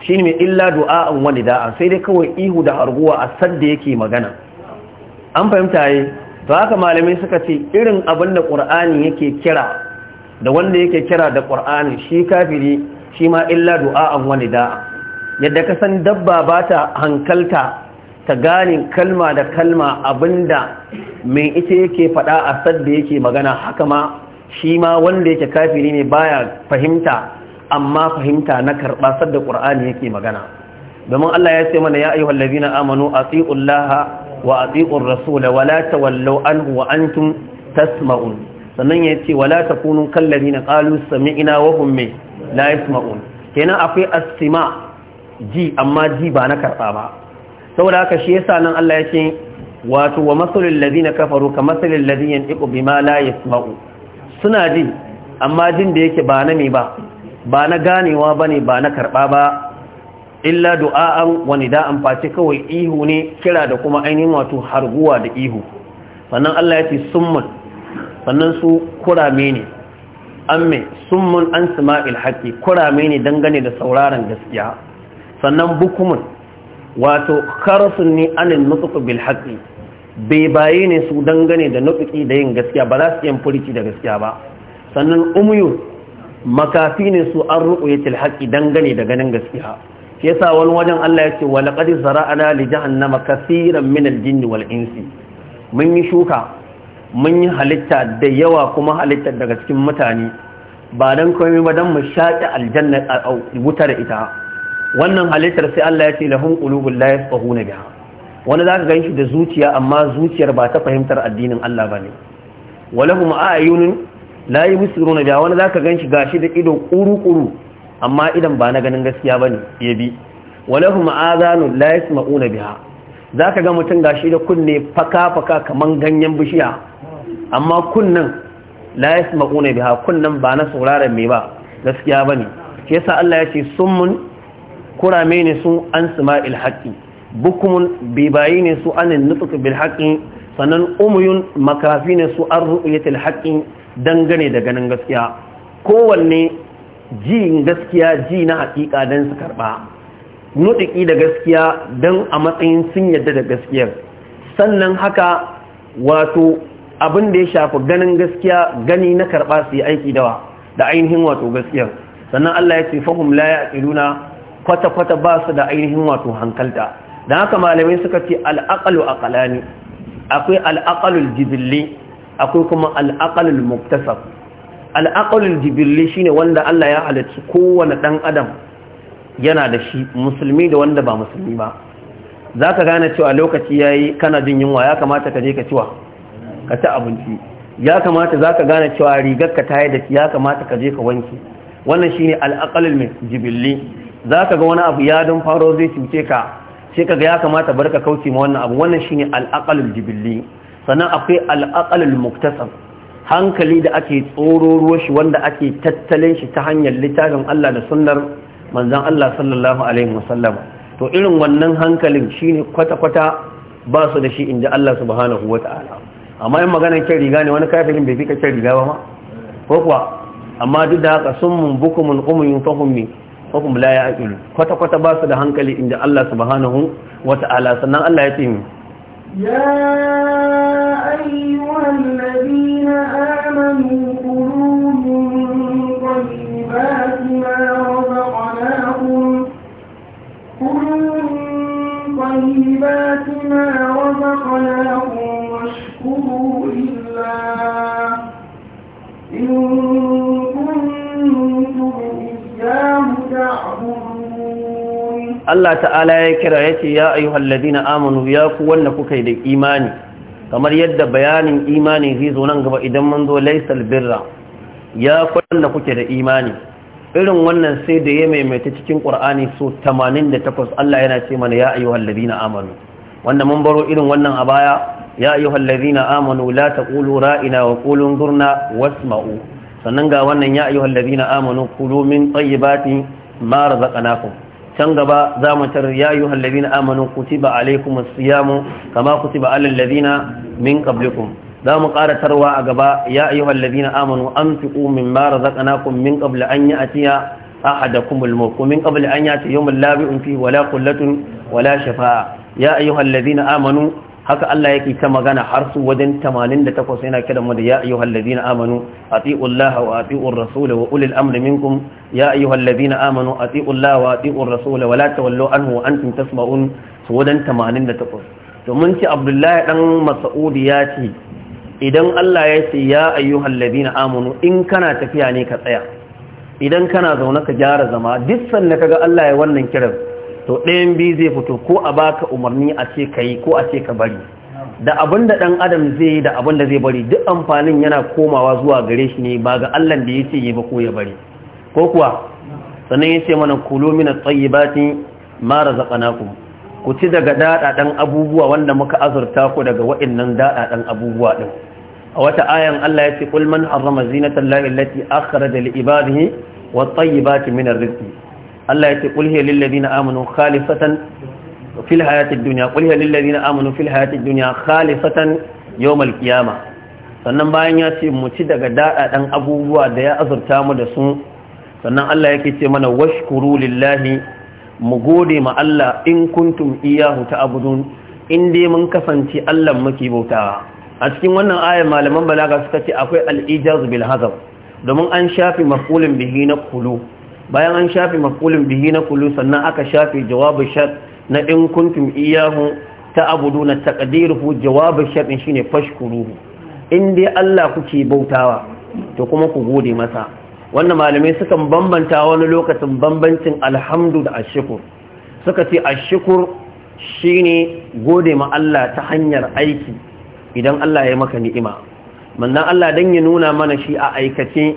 shi ne illa du'a an wani da'a sai dai kawai ihu da harguwa a sadda yake magana an fahimta yi to haka malamai suka ce irin abin da ƙur'ani yake kira da wanda yake kira da ƙur'ani shi kafiri shi ma illa du'a'an wani da'a yadda ka san dabba ba ta hankalta ta gane kalma da kalma abinda mai ita yake faɗa a sadda yake magana haka ma shi ma wanda yake kafiri ne baya fahimta amma fahimta na karɓa sadda ƙur'ani yake magana domin Allah ya ce mana ya ayyuha allazina amanu atiullaha wa atiur rasula wa la tawallu anhu wa antum tasma'un sannan ya ce wala ta takunu kallazina sami ina wa layi la ma'un kenan akwai astima ji amma ji ba na karɓa ba saboda haka shi yasa nan Allah ya ce wato wa lazi ladina kafaru ka masalul ladhi yanqu bima la yasma'u suna ji amma jin da yake ba na mai ba ba na ganewa ne ba na karɓa ba illa du'a'an wani da'an face kawai ihu ne kira da kuma ainihin wato harguwa da ihu sannan Allah ya ce summun sannan su kurame ne an mai summun an sima'il haƙi kurame ne dangane da sauraron gaskiya sannan bukumun wato karasun ne anin nutsuku bil haƙi bai baye ne su dangane da nutsuki da yin gaskiya ba za su yin furici da gaskiya ba sannan umuyu makafi ne su an ruƙuyatil haƙi dangane da ganin gaskiya yasa wani wajen Allah ya ce wa laqad zara'ana li jahannama kaseeran min jinni wal insi mun yi shuka mun yi halitta da yawa kuma halitta daga cikin mutane ba don komai ba don mu shaƙi aljanna a wutar ita wannan halittar sai Allah ya ce lahum qulubul la na biya. wani za ka ganshi da zuciya amma zuciyar ba ta fahimtar addinin Allah ba ne. bane layi musu la na biya. wani za ka ganshi gashi da ido kuru-kuru amma idan ba na ganin gaskiya ba ne, bi. a zanu walahum azanun la biya. Za ka ga mutum gashi da kunne faka-faka kamar ganyen bishiya amma kunnan la yasma'una biha kunnan ba na sauraron me ba gaskiya bane shi yasa Allah ya ce summun kurame ne su an sama'il haqqi bukumun bibayi ne su an nutsuq bil haqqi sannan umuyun makafi ne su an ru'yatil haqqi dangane da ganin gaskiya kowanne ji gaskiya ji na hakika dan su karba nutiki da gaskiya dan a matsayin sun yadda da gaskiyar sannan haka wato abin da ya shafi ganin gaskiya gani na karɓa su yi aiki dawa da ainihin wato gaskiyar sannan Allah ya ce fahim la yaqiluna kwata kwata ba su da ainihin wato hankalta don haka malamai suka ce alakalu a ƙalani. akwai al jibirli akwai kuma al'akalul aqalul muktasab jibirli shi ne shine wanda Allah ya halarci kowane ɗan adam yana da shi musulmi da wanda ba musulmi ba Za ka gane cewa lokaci ya yi kana jin yunwa ya kamata ka je ka ciwa ka ci abinci ya kamata za ka gane cewa rigar ka ta da ya kamata ka je ka wanke wannan shine al'akalil mai jibilli za ka ga wani abu ya don faro zai cuce ka ce ka ga ya kamata bar ka kauce ma wannan abu wannan shine al'akalil jibilli sannan akwai al'akalil muktasab hankali da ake tsoro ruwa shi wanda ake tattalin shi ta hanyar littafin Allah da sunnar manzan Allah sallallahu alaihi wasallam to irin wannan hankalin shine kwata-kwata ba su da shi inda Allah subhanahu ta'ala. amma yin maganin kyan riga ne wani kafirin bai fi ka kyan riga ba ma ko kuwa amma duk da haka sun mun mun umuyin fahimmi hukum la ya aqilu kwata kwata ba su da hankali inda Allah subhanahu wa ta'ala sannan Allah ya ce mi ya ayyuhal ladina amanu qulu min tayyibati ma razaqnakum qulu min tayyibati Allah Ta'ala ya kira ya ce, ya تعالى يكره na يا أيها الذين آمنوا يا kamar yadda bayanin imani zai zo nan gaba idan mun zo laisal birra ya wanda kuke da imani irin wannan sai da ya maimaita cikin ƙur'ani so 88 Allah yana ce mana ya ayyuhal ladina amanu wanda mun baro irin wannan a baya ya ayyuhal ladhina amanu la taqulu ra'ina wa qulu anzurna wasma'u sannan ga wannan ya ayyuhal ladhina amanu kulu min tayyibati ma razaqnakum can gaba za mu tar ya ayyuhal ladhina amanu kutiba alaykumus siyamu kama kutiba alal ladhina min qablikum za mu ƙara tarwa a gaba ya ayyuha allazina amanu anfiqu mimma razaqnakum min qabl an ya'tiya ahadakum al-maut min qabl an ya'tiya yawmun la bi'un fihi wala qullatun wala shafa'a ya ayyuha allazina amanu haka Allah yake ta magana har su wajen 88 yana kiran mu da ya ayyuhal ladina amanu atiiu Allah wa atiiu ar-rasul wa ulil amri minkum ya ayyuhal ladina amanu atiiu Allah wa atiiu ar-rasul wa la tawallu anhu wa antum tasma'un su wajen 88 to mun ci Abdullahi dan Mas'ud ya ce idan Allah ya ce ya ayyuhal ladina amanu in kana tafiya ne ka tsaya idan kana zaune ka gyara zama duk sanda kaga Allah ya wannan kiran to ɗayan biyu zai fito ko a baka umarni a ce ka yi ko a ce ka bari da abin da ɗan adam zai yi da abin da zai bari duk amfanin yana komawa zuwa gare shi ne ba ga allan da ya ce ya ba ko ya bari ko kuwa sannan ya ce mana kulo mina tsayi mara zaƙanaku ku ci daga daɗaɗen abubuwa wanda muka azurta ku daga waɗannan daɗaɗen abubuwa ɗin a wata ayan allah ya ce kulman harama zinatan lahi da li'ibadihi wa tsayi bati rizki Allah ya ce qul hiya lil amanu khalifatan fil hayatid dunya qul hiya amanu fil hayatid dunya khalifatan yawmal qiyamah sannan bayan ya ce mu ci daga daɗaɗen abubuwa da ya azurta mu da su sannan Allah yake ce mana washkuru lillahi mu gode ma Allah in kuntum iyahu ta'budun in dai mun kasance Allah muke bautawa a cikin wannan ayar malaman balaga suka ce akwai al-ijaz bil domin an shafi maf'ulin bihi na kulu bayan an shafe mafulin bihi na kulu sannan aka shafe jawabin shar na in kuntum iyahu na taqdiruhu jawabin shar din shine fashkuruhu in dai Allah kuke bautawa to kuma ku gode masa wannan malamai suka bambanta wani lokacin bambancin alhamdu da ashkur suka ce ashkur shine gode ma Allah ta hanyar aiki idan Allah ya maka ni'ima mannan Allah dan ya nuna mana shi a aikace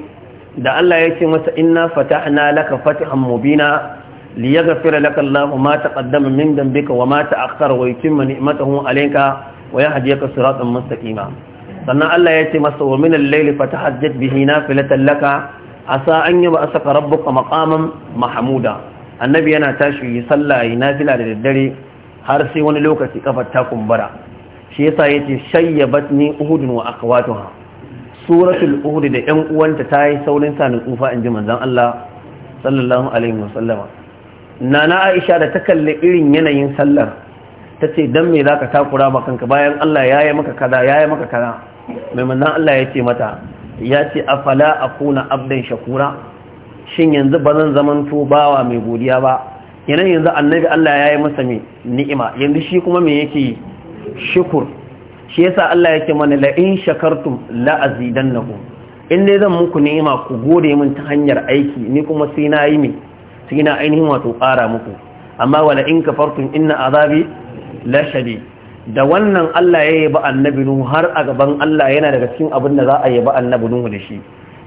da Allah ya ce masa inna fata'na laka Fatihan mubina liyaga laka Allahu ma taqaddama min dhanbika wa ma ta'akhkhara wa yutimma ni'matahu alayka wa yahdiyaka siratan mustaqima sannan Allah ya ce masa wa min al-layli fatahajjat bihi nafilatan laka asa an asaka rabbuka maqaman mahmuda annabi yana tashi yi sallah yi nafila da daddare har sai wani lokaci kafar ta kumbura shi yasa yace shayyabatni uhudun wa akwatuha suratul uhudi da 'yan uwanta ta yi saurin sa tsufa in ji manzon Allah sallallahu alaihi wasallama nana Aisha da ta kalli irin yanayin sallar ta ce dan me zaka takura ma kanka bayan Allah ya yi maka kaza ya yi maka kaza mai manzon Allah ya ce mata ya ce afala akuna abdan shakura shin yanzu ba zan to bawa mai godiya ba yanayin yanzu annabi Allah ya yi masa ni'ima yanzu shi kuma me yake shukur shi yasa Allah yake mana la in shakartum la azidannakum in dai zan muku nema ku gode min ta hanyar aiki ni kuma sai na yi mi sai na ainihin wato ƙara muku amma wala in kafartum inna azabi la shadid da wannan Allah ya yaba annabi nu har a gaban Allah yana daga cikin abin da za a yaba annabi nu da shi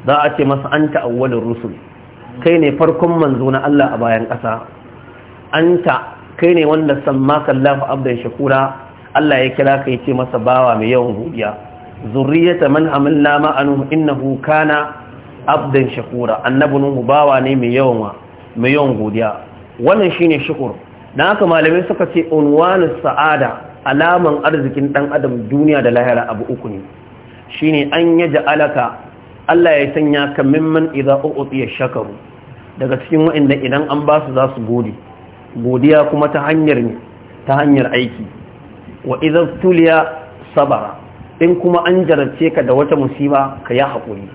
za a ce masa anta awwalur rusul kai ne farkon manzo na Allah a bayan ƙasa anta kai ne wanda sammaka Allahu abdan shakura Allah ya kira ka yace masa bawa mai yawan godiya zurriyata man amanna anu innahu kana abdan shakura annabi nuhu bawa ne mai yawan mai yawan godiya wannan shine shukur dan haka malamai suka ce unwanu sa'ada alaman arzikin dan adam duniya da lahira abu uku ne shine an alaka Allah ya sanya ka mimman idza u'tiya shakaru daga cikin wa'inda idan an ba su za su gode godiya kuma ta hanyar ta hanyar aiki wa idan tuliya sabara in kuma an jarabce ka da wata musiba ka yi haƙuri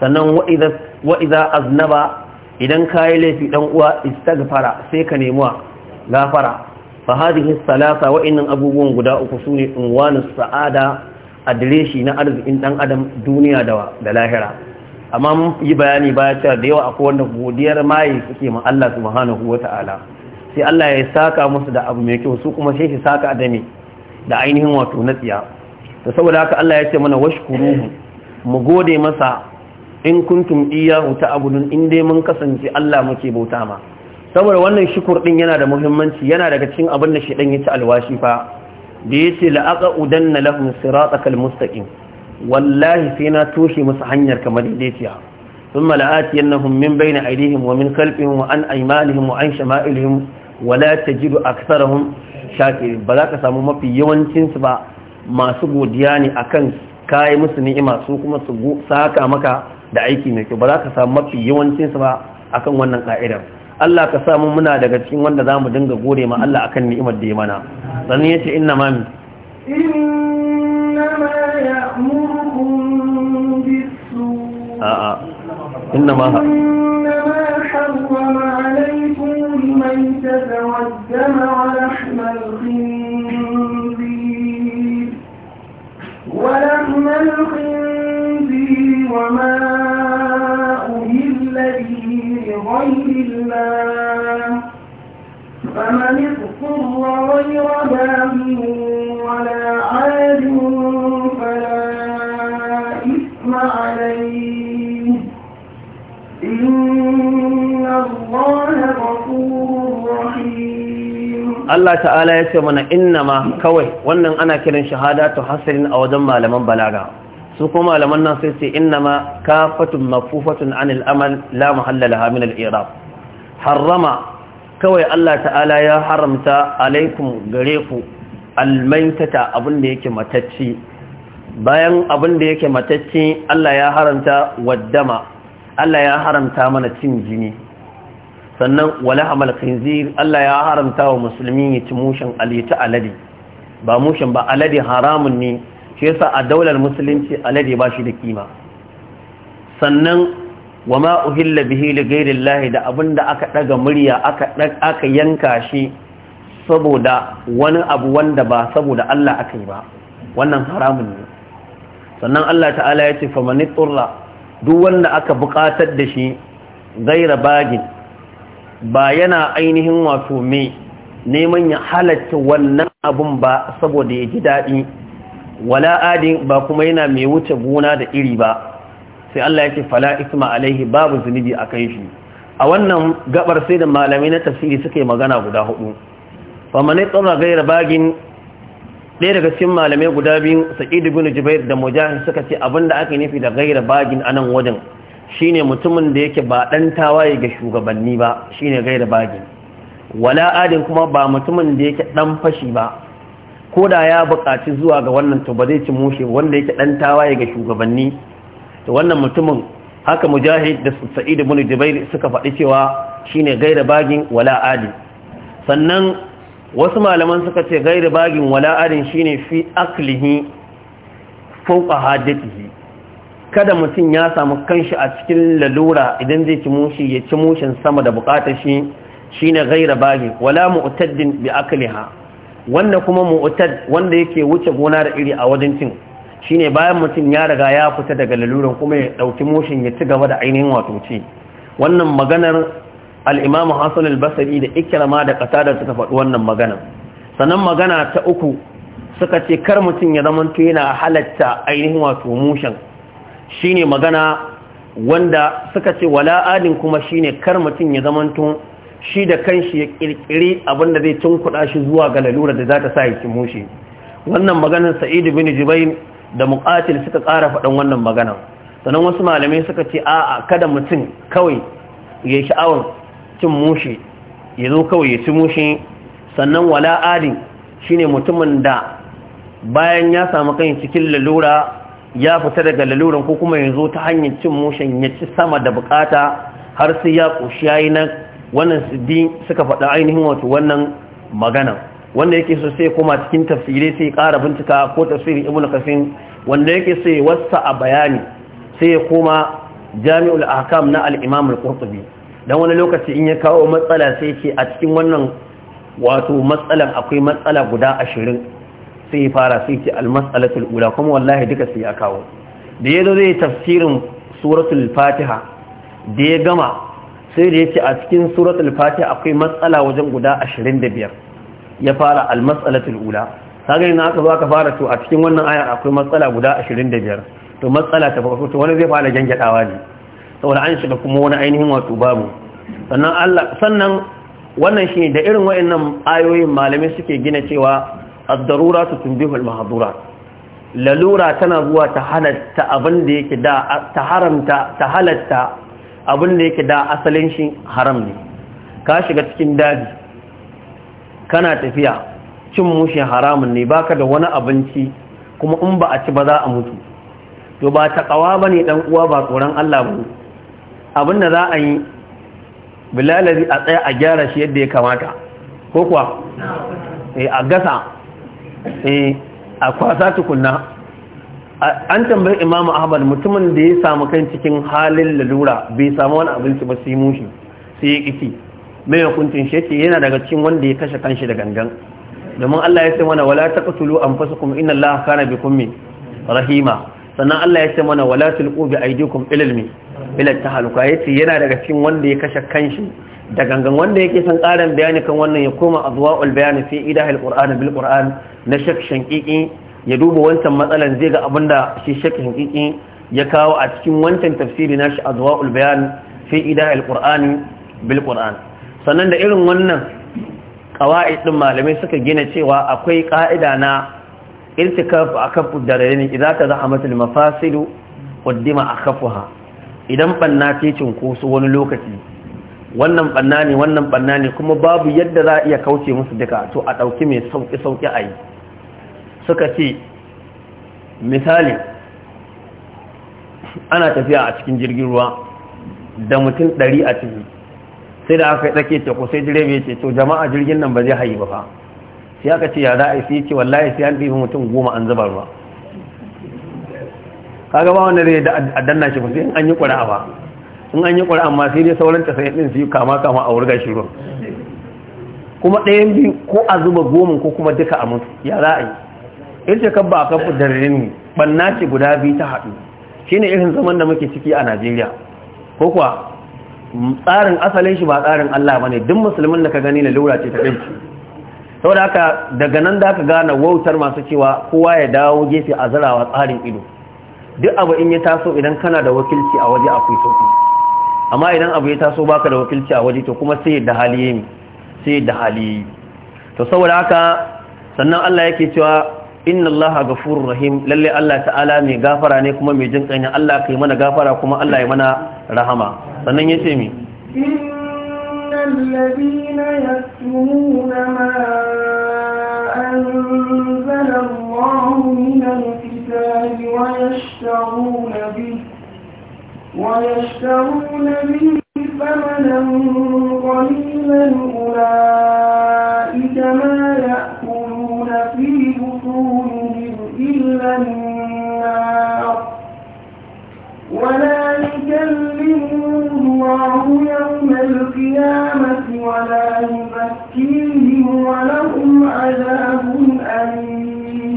sannan wa idan aznaba idan ka yi laifi ɗan uwa istagfara sai ka nemi gafara fa hadhihi salasa wa'annan abubuwan guda uku sune unwanus sa'ada adireshi na arzikin ɗan adam duniya da lahira amma mun yi bayani baya cewa da yawa akwai wanda godiyar maye suke ma Allah subhanahu ta'ala. sai Allah ya saka musu da abu mai kyau su kuma sai shi saka da da ainihin wato na tsiya da saboda haka Allah ya ce mana washkuruhu mu gode masa in kuntum iyyahu ta'budun in dai mun kasance Allah muke bauta ma saboda wannan shukur din yana da muhimmanci yana daga cikin abin da shi dan yace alwashi fa da yace la'aqa udanna lahum siratakal mustaqim wallahi sai na toshe musu hanyar kamar daidaiciya thumma la'atiyannahum min bayni aydihim wa min khalfihim wa an aymanihim wa an shama'ilihim wa la tajidu aktharahum shakiri ba za ka samu mafi yawancinsu ba masu godiya ne a kan kayi musu ni'ima su kuma su saka maka da aiki mai kyau ba za ka samu mafi yawancinsu ba a kan wannan ka'idar Allah ka samu muna daga cikin wanda za mu dinga gode ma Allah akan ni'imar da ya mana sannan ya ce inna ma mi a'a inna ma Allah ta'ala ya ce mana innama kawai wannan ana kiran shahada ta hasirin a wajen malaman balaga su kuma malaman nan sai ce innama kafatun mafufatun anil amal la muhallalaha min al harrama kawai Allah ta'ala ya haramta alaikum gare ku almaitata abin da yake matacci bayan abin da yake matacci Allah ya haramta waddama Allah ya haramta mana cin jini sannan wala hamal khinzir Allah ya haramta wa musulmi ya ci mushin alita alade ba mushin ba alade haramun ne shi yasa a daular musulunci alade ba shi da kima sannan wa ma uhilla bihi li ghairi da abinda aka daga murya aka aka yanka shi saboda wani abu wanda ba saboda Allah aka yi ba wannan haramun ne sannan Allah ta'ala ya ce famani duk wanda aka buƙatar da shi gaira bagin ba yana ainihin wato me neman ya halatta wannan abun ba saboda ya ji daɗi wala adin ba kuma yana mai wuce gona da iri ba sai Allah yake fala isma alaihi babu zunubi a kan shi a wannan gabar sai da malamai na tafsiri suka yi magana guda hudu fa man tsara gaira bagin ɗaya daga cikin malamai guda biyu sa'id ibn jubair da mujahid suka ce abinda ake nufi da gaira bagin anan wajen Shi ne mutumin da yake ba ɗan tawaye ga shugabanni ba shine gaira bagi wala adin kuma ba mutumin da yake ɗan fashi ba ko da ya buƙaci zuwa ga wannan to ba zai ci mushe wanda yake ɗan tawaye ga shugabanni to wannan mutumin haka mujahid da sa'id ibn jubair suka faɗi cewa shine gaira bagin wala adin sannan wasu malaman suka ce gaira bagin wala adin shine fi aklihi fawqa hajatihi kada mutum ya samu kanshi a cikin lalura idan zai ci mushi ya ci mushin sama da bukatar shi shine gaira bagi wala mu'taddin bi akliha wanda kuma mu'tad wanda yake wuce gona da iri a wajen cin shine bayan mutum ya riga ya fita daga laluran kuma ya dauki mushin ya ci gaba da ainihin wato ci wannan maganar al-Imam Hassan al-Basri da Ikrama da Qatada suka faɗi wannan magana sannan magana ta uku suka ce kar mutum ya zama zamanto yana halatta ainihin wato mushin shine magana wanda suka ce wala adin kuma shine kar mutum ya zamanto shi da kanshi ya kirkiri abinda zai tunkuɗa shi zuwa ga lalura da zata sa ya ci wannan maganar sa'idu bin jubayn da muqatil suka ƙara faɗan wannan magana sannan wasu malamai suka ce a'a kada mutum kawai ya yi sha'awar cin mushi ya zo kawai ya ci mushi sannan wala adin shine mutumin da bayan ya samu kan cikin lalura ya fita daga laluran ko kuma ya zo ta hanyar cin mushen ya ci sama da bukata har sai ya ƙoshi ya yi nan wannan su suka faɗa ainihin wato wannan magana wanda yake so sai kuma cikin tafsirai sai ƙara bincika ko tafsirin ibnu kasin wanda yake so ya wasa a bayani sai ya koma jami'ul ahkam na al-imam al-qurtubi dan wani lokaci in ya kawo matsala sai ce a cikin wannan wato matsalan akwai matsala guda ashirin. sai ya fara sai ce almas'alatul ula kuma wallahi duka sai ya kawo da ya zo zai tafsirin suratul fatiha da ya gama sai da ya ce a cikin suratul fatiha akwai matsala wajen guda 25 ya fara almas'alatul ula kaga na aka zo aka fara to a cikin wannan aya akwai matsala guda 25 to matsala ta farko to wani zai fara jangadawa ne saboda an shiga kuma wani ainihin wato babu sannan Allah sannan wannan shi da irin wayannan ayoyin malamai suke gina cewa ad-darura tunbihu al mahadura. lalura tana zuwa ta halatta abin da yake da ta haramta ta halatta abin da yake da asalin shi haram ne ka shiga cikin daji kana tafiya cin mushi haramun ne baka da wani abinci kuma in ba a ci ba za a mutu to ba ta kawa bane dan uwa ba tsoran Allah ba abin da za a yi bilalari a tsaya a gyara shi yadda ya kamata ko kuwa eh, a gasa eh a kwasa tukunna an tambayi imamu ahmad mutumin da ya samu kan cikin halin lalura bai samu wani abinci ba sai mushi sai ya kici mai hukuncin shi yake yana daga cikin wanda ya kashe kanshi da gangan domin Allah ya ce mana wala fasa anfusakum inna Allaha kana bikum rahima sannan Allah ya ce mana wala tulqu bi aydikum ila al-mi ila tahaluka yace yana daga cikin wanda ya kashe kanshi da gangan wanda yake san tsarin bayani kan wannan ya koma azwaul bayani fi idahil qur'an bil qur'an na shek shankiki ya duba wancan matsalan zai ga abinda shi shek shankiki ya kawo a cikin wancan tafsiri nashi azwaul bayan fi idahil qur'an bil qur'an sannan da irin wannan qawaid din malamai suka gina cewa akwai ƙa'ida na irtikaf akafu darain idza tazahamatul mafasilu qaddima akhafuha idan banna ce cinkoso wani lokaci wannan banna ne wannan banna ne kuma babu yadda za a iya kauce musu duka to a ɗauki mai sauƙi-sauƙi a yi suka ce misali ana tafiya a cikin jirgin ruwa da mutum ɗari a ciki sai da aka tsake teku sai direba ya ce to jama'a jirgin nan ba zai haye ba fa sai aka ce ya za a yi sai ce wallahi sai an ɗibi mutum goma an zuba ruwa kaga ba wani zai da danna shi ba sai an yi ƙuri'a ba in an yi ƙura'an amma sai dai sauran casa'in ɗin su yi kama kama a wurga shi ruwan kuma ɗayan biyu ko a zuba goma ko kuma duka a mutu ya za a yi irce kan ba a kan fudarin banna ce guda biyu ta haɗu shi ne irin zaman da muke ciki a najeriya ko kuwa tsarin asalin shi ba tsarin allah ba ne duk musulmin da ka gani na lura ce ta ɗauki sau da aka daga nan da aka gane wautar masu cewa kowa ya dawo gefe a zarawa tsarin ido duk abu in ya taso idan kana da wakilci a waje akwai sauki. amma idan abu ya taso baka da wakilci a waje to kuma sai da hali yi sai da hali to saboda haka sannan Allah yake cewa inna Allah ghafurur rahim lalle Allah ta'ala mai gafara ne kuma mai jin kanya Allah kai mana gafara kuma Allah ya mana rahama sannan yace mi الذين يكتمون ما أنزل الله kitabi wa ويشترون bihi ويشترون به ثمنا قليلا أولئك ما يأكلون في بطونهم إلا النار ولا يكلمهم الله يوم القيامة ولا يزكيهم ولهم عذاب أليم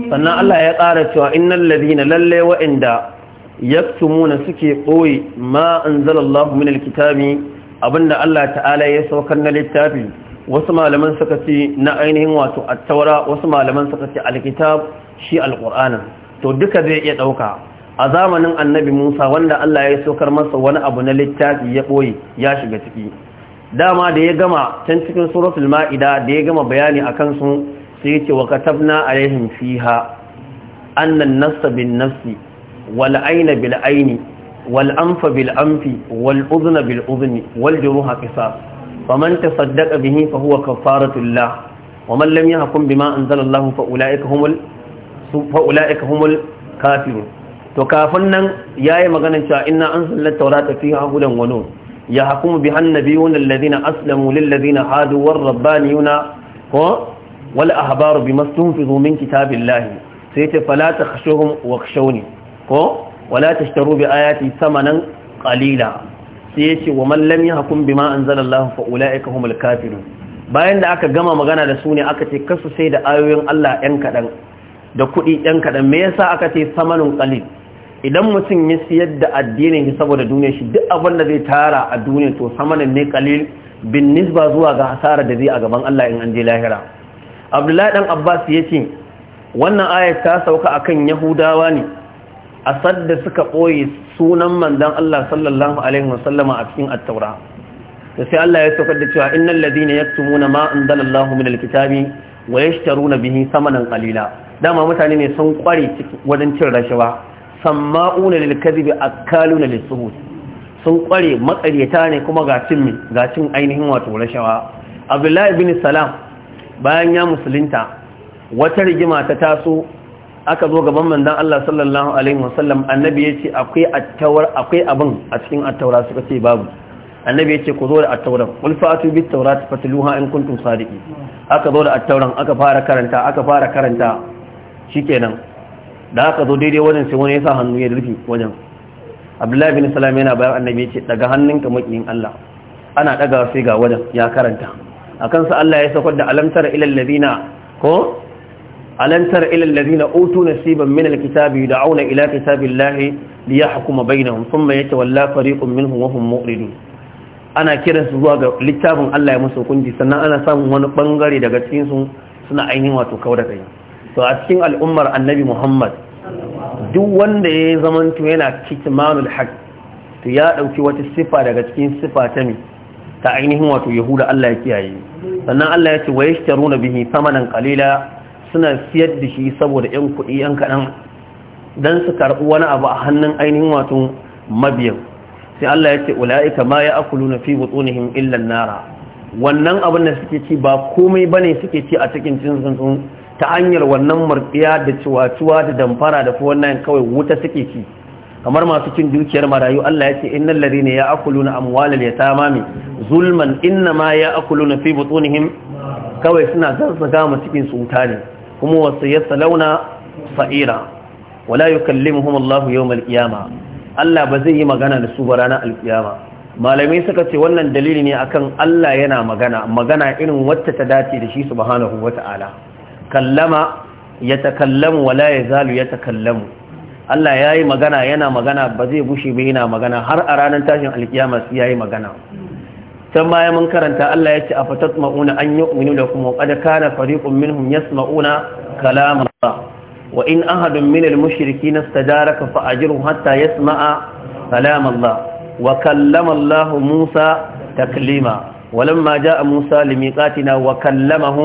sannan Allah ya ƙara cewa innal ladina lalle wa'inda yaktumuna suke ɓoye ma anzalallahu min alkitabi abinda Allah ta'ala ya saukar na littafi wasu malaman suka ce na ainihin wato at-taura wasu malaman suka ce alkitab shi alqur'anin to duka zai iya dauka a zamanin annabi Musa wanda Allah ya saukar masa wani abu na littafi ya ɓoye ya shiga ciki dama da ya gama can cikin suratul ma'ida da ya gama bayani akan su sai ya ce wa katabna alaihim fiha annan nafsa bin nafsi wal aina bil aini wal anfa bil anfi wal udhna bil udhni wal juruha qisas faman tasaddaqa bihi fa huwa kafaratu lillah waman lam yahkum bima anzala Allah fa ulaika humul fa ulaika humul kafirun to kafin nan yayi maganar cewa inna anzalna tawrata fiha hudan wa nur yahkumu biha an-nabiyuna alladhina aslamu lil ladina hadu war rabbaniyuna wal ahbaru bima stunfizu min kitabillahi sai ta fala takhshuhum wakhshawni ko wala tashtaru bi ayati samanan qalila sai yace wa man lam yahkum bima anzalallahu fa ulaika humul kafirun bayan da aka gama magana da su ne aka ce kasu sai da ayoyin Allah ɗan kaɗan da kuɗi ɗan kaɗan me yasa aka ce samanin qalil idan mutum ya siyar da addinin shi saboda duniya shi duk abin da zai tara a duniya to samanin ne qalil bin nisba zuwa ga hasara da zai a gaban Allah in an je lahira Abdullahi dan Abbas yace wannan ayat ta sauka akan Yahudawa ne a da suka ɓoye sunan manzan Allah sallallahu alaihi wasallama a cikin attaura da sai Allah ya saukar da cewa innal ya tumuna ma da min alkitabi wa ya na bihi samanan ƙalila. dama mutane ne sun kware wajen cin rashawa Samma'u a kalu akaluna lissuhus sun kware matsariyata ne kuma ga cin ga cin ainihin wato rashawa Abdullahi bin Salam bayan ya musulunta wata rigima ta taso aka zo gaban manzon Allah sallallahu alaihi wasallam annabi ya ce, akwai abin a cikin attaura suka ce babu annabi ya ce ku zo da attauran qul fa'atu bit tawrat fatluha in kuntum sadiqin aka zo da attauran aka fara karanta aka fara karanta shikenan da aka zo daidai wajen sai wani ya sa hannu ya rufe wajen abdullahi bin salam yana bayan annabi ya ce daga hannun ka makiyin Allah ana daga sai ga wajen ya karanta akan sa Allah ya saukar da alamtar ilal ladina ko alantar ilal ladina utu nasiban min auna yad'una ila kitabillahi liyahkuma bainahum thumma yatawalla fariqun minhum wa hum mu'ridun ana kiran su zuwa ga littafin Allah ya musu hukunci sannan ana samun wani bangare daga cikinsu suna ainihin wato da kai to a cikin al'ummar annabi Muhammad duk wanda ya zamanto yana kitmanul haqq to ya ɗauki wata sifa daga cikin sifa ta mi ta ainihin wato yahuda Allah ya kiyaye sannan Allah ya ce wa yashtaruna bihi thamanan qalila suna siyar da shi saboda 'yan kuɗi 'yan kaɗan don su karɓi wani abu a hannun ainihin wato mabiyan sai Allah ya ce ula'ika ma ya akulu na fi butsunihim illan nara wannan abin da suke ci ba komai bane suke ci a cikin cinsun ta hanyar wannan marfiya da ciwaciwa da damfara da fi wannan kawai wuta suke ci kamar masu cin dukiyar marayu Allah ya ce innal ladina ya'kuluna ya yatama min zulman inna ma ya'kuluna fi butunihim kawai suna zarsaga mu cikin su wuta ne kuma wasu ya salauna sa'ira wala yukallimuhum Allahu yawmal qiyama Allah ba zai yi magana da su ba ranar alkiyama malamai suka ce wannan dalili ne akan Allah yana magana magana irin wacce ta dace da shi subhanahu wata'ala kallama takallamu wala ya zalu ta kallamu. Allah yayi magana yana magana ba zai bushe ba yana magana har a ranar tashin alkiyama ya yi magana can baya mun karanta Allah ya ce a fatat ma'una an yi umini da kuma kada kana fariƙun ma'una yasma'una kalama wa in ahadun min al-mushriki nastajaraka fa ajiru hatta yasma'a kalama Allah wa kallama Allah Musa taklima ولما جاء موسى لميقاتنا وكلمه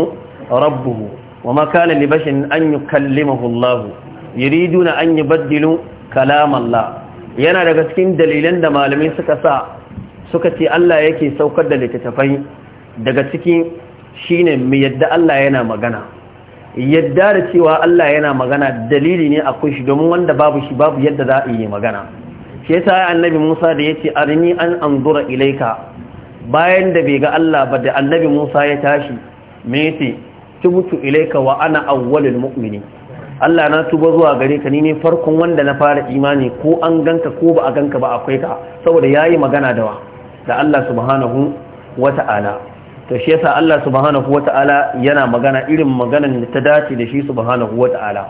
ربه وما كان لبشر أن يكلمه الله يريدون أن يبدلوا كلام Allah. yana daga cikin dalilan da malamai suka sa suka ce Allah yake saukar da littattafai daga cikin shine mai yadda Allah yana magana yadda da cewa Allah yana magana dalili ne akwai shi domin wanda babu shi babu yadda za a yi magana shi yasa annabi Musa da ya yace arini an anzura ilaika bayan da bai ga Allah ba da annabi Musa ya tashi me yace tubtu ilaika wa ana awwalul mu'mini. Allah na tuba zuwa gare ka ni ne farkon wanda na fara imani ko an ganka ko ba a ganka ba akwai ka saboda yayi magana da wa da Allah subhanahu wata'ala to shi yasa Allah subhanahu wata'ala yana magana irin maganan da ta dace da shi subhanahu wata'ala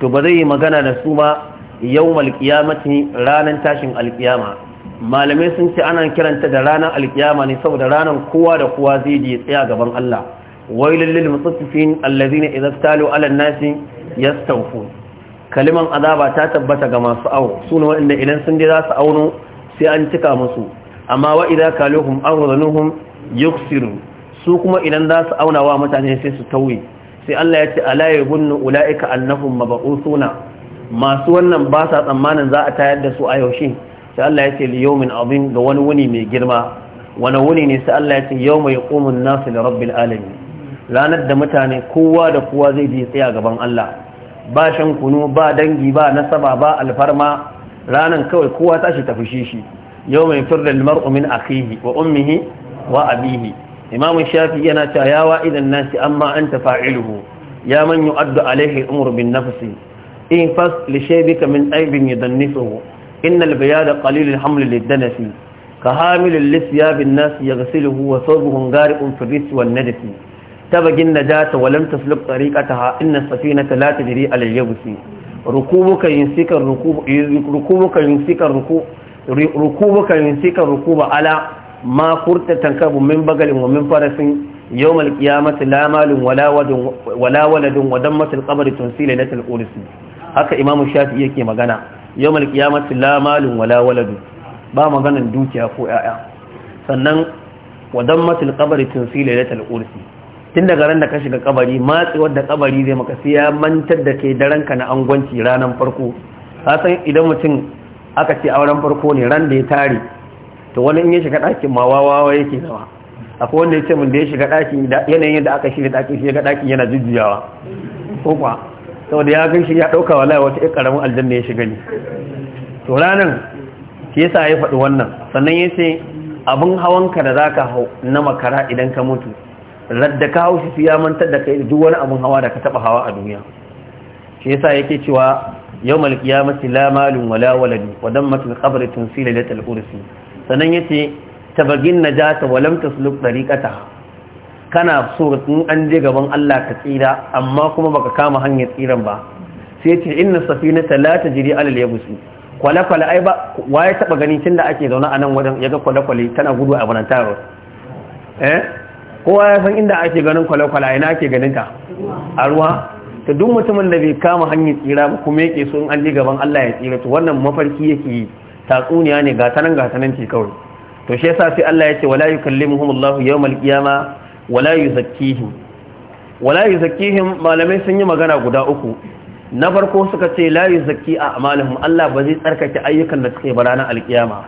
to ba zai yi magana da su ba yawmal qiyamati ranan tashin alqiyama malamai sun ce ana kiranta da ranar alkiyama ne saboda ranar kowa da kowa zai je tsaya gaban Allah wailul lil mutaffifin allazina idza talu ala an-nasi yastawfun kaliman azaba ta tabbata ga masu awo su ne waɗanda idan sun je za su auno sai an cika musu amma wa idza kaluhum awzanuhum yuksiru su kuma idan za su auna wa mutane sai su tauye sai Allah ya ce ala yahunnu ulaika annahum suna. masu wannan ba sa tsammanin za a tayar da su a yaushe sai Allah ya ce li yawmin azim ga wani wuni mai girma wani wuni ne sai Allah ya ce yawma yaqumu an-nasu da rabbil alamin ranar da mutane kowa da kowa zai je tsaya gaban Allah ba shan kunu ba dangi ba nasaba ba alfarma ranan kawai kowa tashi tafi shi yau mai firar marumin a akhihi wa ummihi wa abihi Imamin shafi yana ta yawa idan nasi amma an tafa'iluhu ya man yu'addu alaihi umru bin nafsi in fas li shaybika min aibin yudannisuhu innal bayada qalil da haml lid-danasi ka hamil al-lisyab an-nas yaghsiluhu wa thawbuhu ghariqun fi ar-ris wan-najs تبغي النجاة ولم تسلك طريقتها إن السفينة لا تجري على اليبس ركوبك ينسيك الركوب ركوبك ينسيك الركوب yi yunsika rukuba ala ma kurta tankabu min bagalin wa min farasin yawmal qiyamati la malun wala wadun wala waladun wa dammatul qabri tunsila latil haka imamu shafi yake magana yawmal qiyamati la malun wala waladun ba maganan dukiya ko yaya sannan wa dammatul qabri tunsila latil qursi tun daga ran da ka shiga kabari matsi wadda kabari zai maka siya, ya mantar da ke daren ka na angwanci ranan farko ka san idan mutum aka ce auren farko ne ran da ya tare to wani in ya shiga ɗakin ma wawawa yake zama akwai wanda ya ce mun da ya shiga ɗakin yanayin yadda aka shirya ɗakin shiga ɗakin yana jujjuyawa ko kuwa saboda ya gan shi ya ɗauka wala wata ya ƙaramin aljanna ya shiga ne to ranar ke sa ya faɗi wannan sannan ya ce abin hawanka da za ka hau na makara idan ka mutu radda ka hau shi ya mantar da kai duk wani abin hawa da ka taɓa hawa a duniya shi sa yake cewa yau malkiya mace lamalin wala walani wadon mace kabarin tunsila da talurisi sannan ya ce tabagin na ja ta walamta su lukarikata kana tsoron an je gaban allah ka tsira amma kuma baka kama hanyar tsiran ba sai ce inna safi na talata jiri alal ya gusi kwale-kwale ai ba wa ya taba ganin tun ake zaune a nan wajen ya kwale-kwale tana gudu a banan taron eh kowa ya san inda ake ganin kwale-kwale ina ake ganin ta a ruwa ta duk mutumin da bai kama hanyar tsira ba kuma yake so in an gaban Allah ya tsira to wannan mafarki yake yi tatsuniya ne ga tanan ga tanan ce kawai to shi yasa sai Allah ya ce wala yukallimuhum Allah yawmal qiyama wala yuzakkihim wala yuzakkihim malamai sun yi magana guda uku na farko suka ce la yuzakki a amalihim Allah ba zai tsarkake ayyukan da suka yi ba ranar alkiyama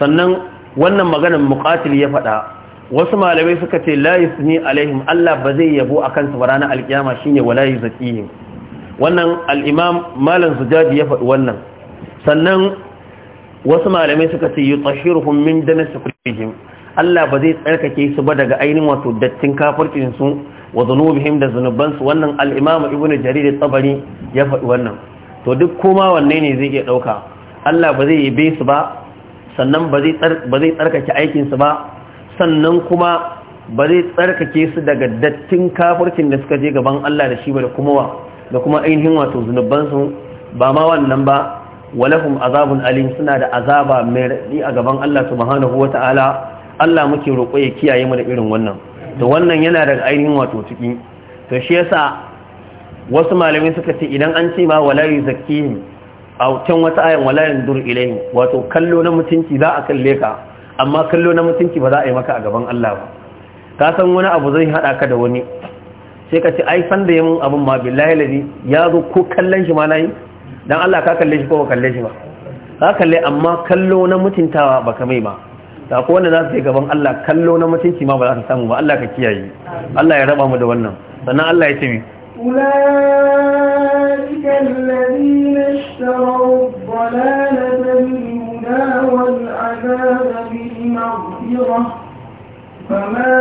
sannan wannan maganar muqatil ya faɗa wasu malamai suka ce la yusni alaihim Allah ba zai yabo akan su ranar alkiyama shine wala zakiyin wannan al-imam malam zujaji ya faɗi wannan sannan wasu malamai suka ce yutahhiruhum min danasi kullihim Allah ba zai tsarkake su ba daga ainihin wato dattin kafircin su wa zunubihim da zunubansu wannan al-imam ibnu jarir at-tabari ya faɗi wannan to duk koma wanne ne zai iya dauka Allah ba zai yabe su ba sannan ba zai tsarkake aikin su ba sannan kuma ba zai tsarkake su daga dattin kafurkin da suka je gaban Allah da shi ba da kuma wa da kuma ainihin wato zunubansu ba ma wannan ba walahum azabun alim suna da azaba mai raɗi a gaban Allah subhanahu wata'ala Allah muke roƙo ya kiyaye mu da irin wannan to wannan yana daga ainihin wato ciki to shi yasa wasu malamai suka ce idan an ce ma wala yuzakkihim a can wata ayan wala yandur ilayhim wato kallo na mutunci za a kalle ka amma kallo na mutunci ba za a yi maka a gaban Allah ba ka san wani abu zai hada ka da wani sai ka ce ai san da yamin abun ma billahi ladi ya zo ko kallon shi ma nayi dan Allah ka kalle shi ko ba kalle shi ba ka kalle amma kallo na mutuntawa ba ka mai ba ta ko wanda za su yi gaban Allah kallo na mutunci ma ba za su samu ba Allah ka kiyaye Allah ya raba mu da wannan sannan Allah ya ce mi أولئك الذين اشتروا الضلالة بالهدى والعذاب مغفرة فما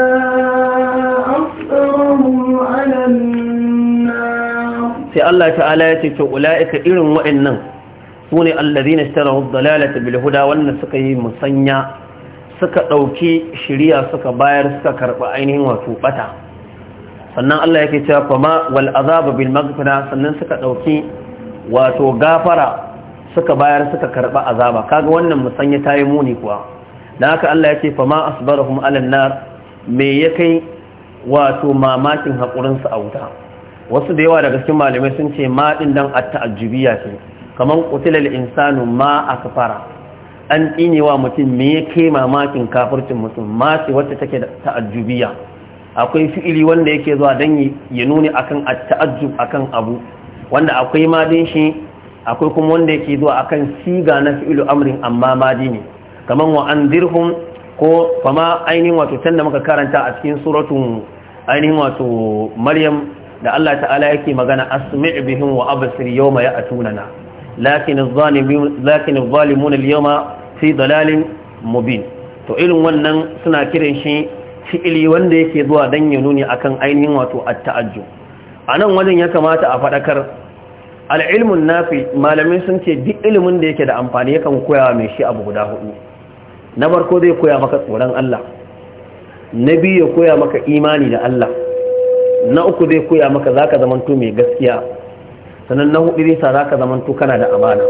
أكثرهم على النار في الله تعالى يتيت أولئك إرم وإنن سوني الذين اشتروا الضلالة بالهدى وأن سكي مسنيا suka ɗauki shiriya suka bayar suka karɓi ainihin wato ɓata sannan Allah yake cewa kuma wal azaba bil maghfira sannan suka ɗauki wato gafara suka bayar suka karɓi azaba kaga wannan musanya tayi muni kuwa da haka Allah ya ce fa ma asbarahum ala nar me ya kai wato mamakin hakurin su a wuta wasu da yawa daga cikin malamai sun ce ma din dan at-ta'ajjubiyya ce kaman qutila al-insanu ma akfara an tsinewa mutum me ya kai mamakin kafircin mutum ma ce wacce take da ta'ajjubiyya akwai fi'ili wanda yake zuwa dan ya nuni akan at-ta'ajjub akan abu wanda akwai ma shi akwai kuma wanda yake zuwa akan siga na fi'ilu amrin amma ma ne kaman wa anzirhum ko fama ainihin wato can da muka karanta a cikin suratun ainihin wato maryam da Allah ta'ala yake magana asmi' bihim wa absir yawma ya'tunana lakin adh-dhalimun lakin adh-dhalimun al-yawma fi dalalin mubin to irin wannan suna kiran shi fi'ili wanda yake zuwa dan ya nuni akan ainihin wato at-ta'ajjub anan wajen ya kamata a fadakar al-ilmun nafi malamai sun ce duk ilimin da yake da amfani yakan koya mai shi abu guda hudu na farko zai koya maka tsoron Allah na biyu ya koya maka imani da Allah na uku zai koya maka za ka zamanto mai gaskiya sannan na hudu zai sa za ka zamanto kana da amana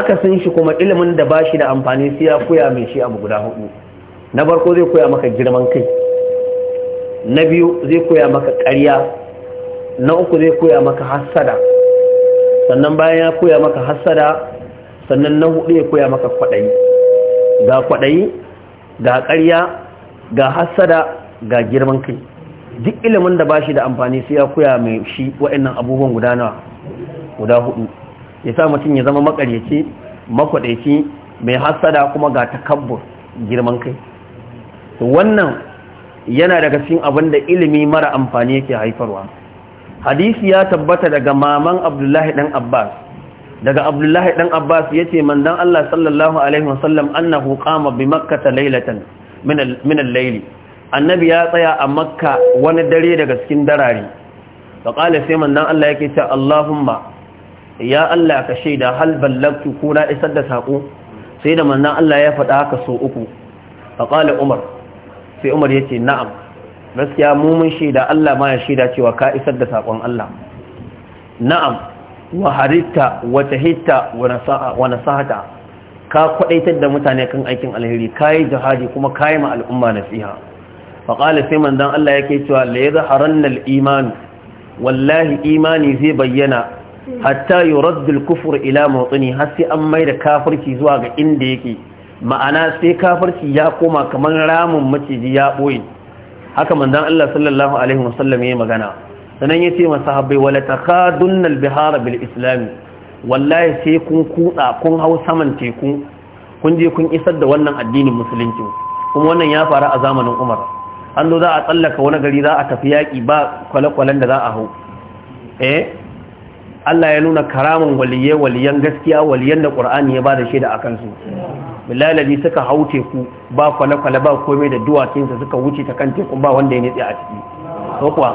aka sun shi kuma ilimin da ba shi da amfani sai ya koya mai shi abu guda hudu na farko zai koya maka girman kai na biyu zai koya maka ƙarya na uku zai koya maka hassada sannan bayan ya koya maka hassada sannan na hudu ya koya maka kwaɗayi ga kwaɗayi ga ƙarya ga hassada ga girman kai duk ilimin da ba shi da amfani sai ya koya mai shi wa'annan abubuwan guda guda hudu ya sa mutum ya zama makaryaci makwaɗaici mai hassada kuma ga takabbur girman kai wannan yana daga cikin abin da ilimi mara amfani yake haifarwa hadisi ya tabbata daga maman abdullahi dan abbas daga abdullahi dan abbas ce, Mandan Allah sallallahu alaihi wasallam annahu qama bi makkah laylatan min al-layli annabi ya tsaya a makka wani dare daga cikin darari. fa qala sai Mandan Allah yake ta Allahumma ya Allah ka shaida hal ballagtu ko na isar da sako sai da Mandan Allah ya faɗa haka so uku fa qala Umar sai Umar yace na'am gaskiya mu mun shaida Allah ma ya shaida cewa ka isar da sakon Allah na'am wa wata wa wana wa nasahata ka kwadaitar da mutane kan aikin alheri kai jihadi kuma kai ma al'umma nasiha fa qala sai manzon Allah yake cewa la yadhharanna al-iman wallahi imani zai bayyana hatta yurad al-kufr ila mawtini har sai an mai da kafirci zuwa ga inda yake ma'ana sai kafirci ya koma kamar ramin maciji ya boye haka manzon Allah sallallahu alaihi wasallam ya magana sanan ya ce masa habai wala takadun bihara bil islami wallahi sai kun kutsa kun hau saman teku kun je kun isar da wannan addinin musulunci kuma wannan ya faru a zamanin umar an zo za a tsallaka wani gari za a tafi yaƙi ba kwale-kwalen da za a hau eh Allah ya nuna karamin waliye waliyan gaskiya waliyan da ƙur'ani ya ba da shaida a kansu bilalabi suka hau teku ba kwale-kwale ba komai da duwatsinsa suka wuce ta kan teku ba wanda ya nitsi a ciki so kuwa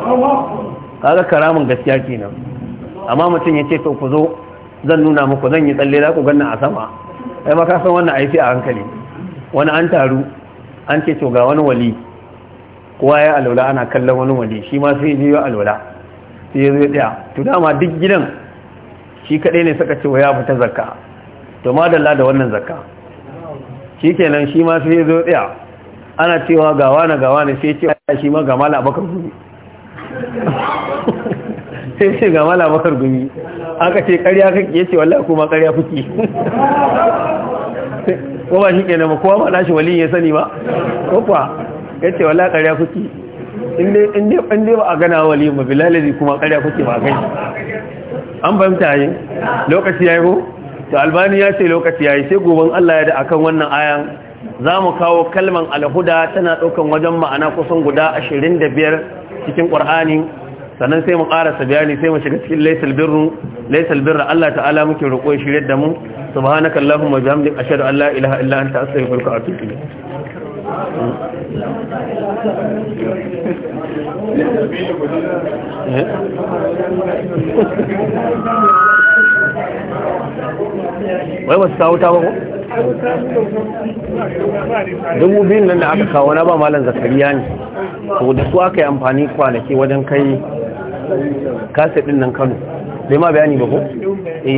kaga karamin gaskiya kenan amma mutum ya ce to ku zo zan nuna muku zan yi tsalle za ku ganna a sama ai ma ka san wannan aiki a hankali wani an taru an ce to ga wani wali kowa ya alwala ana kallon wani wali shi ma sai biyo alwala sai ya zo ya to dama duk gidan shi kadai ne saka cewa ya fita zakka to madalla da wannan zakka shikenan shi ma sai ya zo ya ana cewa ga wani ga wani sai ce shi ma ga mala abakar gumi sai ce ga malamar gumi aka ce karya kake ya ce wallahi kuma karya fuki ko ba shi kenan ba kowa ba nashi wali ya sani ba ko kuwa ya ce wallahi karya kuke in dai ba a gana wali ba bilalazi kuma karya fuki ba gani an bamta yi lokaci ya yi ko to albani ya ce lokaci ya yi sai goben allah ya da akan wannan ayan za mu kawo kalman alhuda tana ɗaukan wajen ma'ana kusan guda ashirin da biyar cikin ƙwar'ani sannan sai mu karasa bayani sai mu shiga cikin laysal birru laysal birra Allah ta'ala muke roƙo shi yadda mu subhanaka allahumma wa bihamdika ashhadu an la ilaha illa anta astaghfiruka wa atubu ilayk hmm? eh? wai ba su kawo ta ba dubu biyun nan da aka kawo na ba malam zakariya ne to da su aka yi amfani kwanaki wajen kai kasa din nan kano dai ma bayani ba ko eh.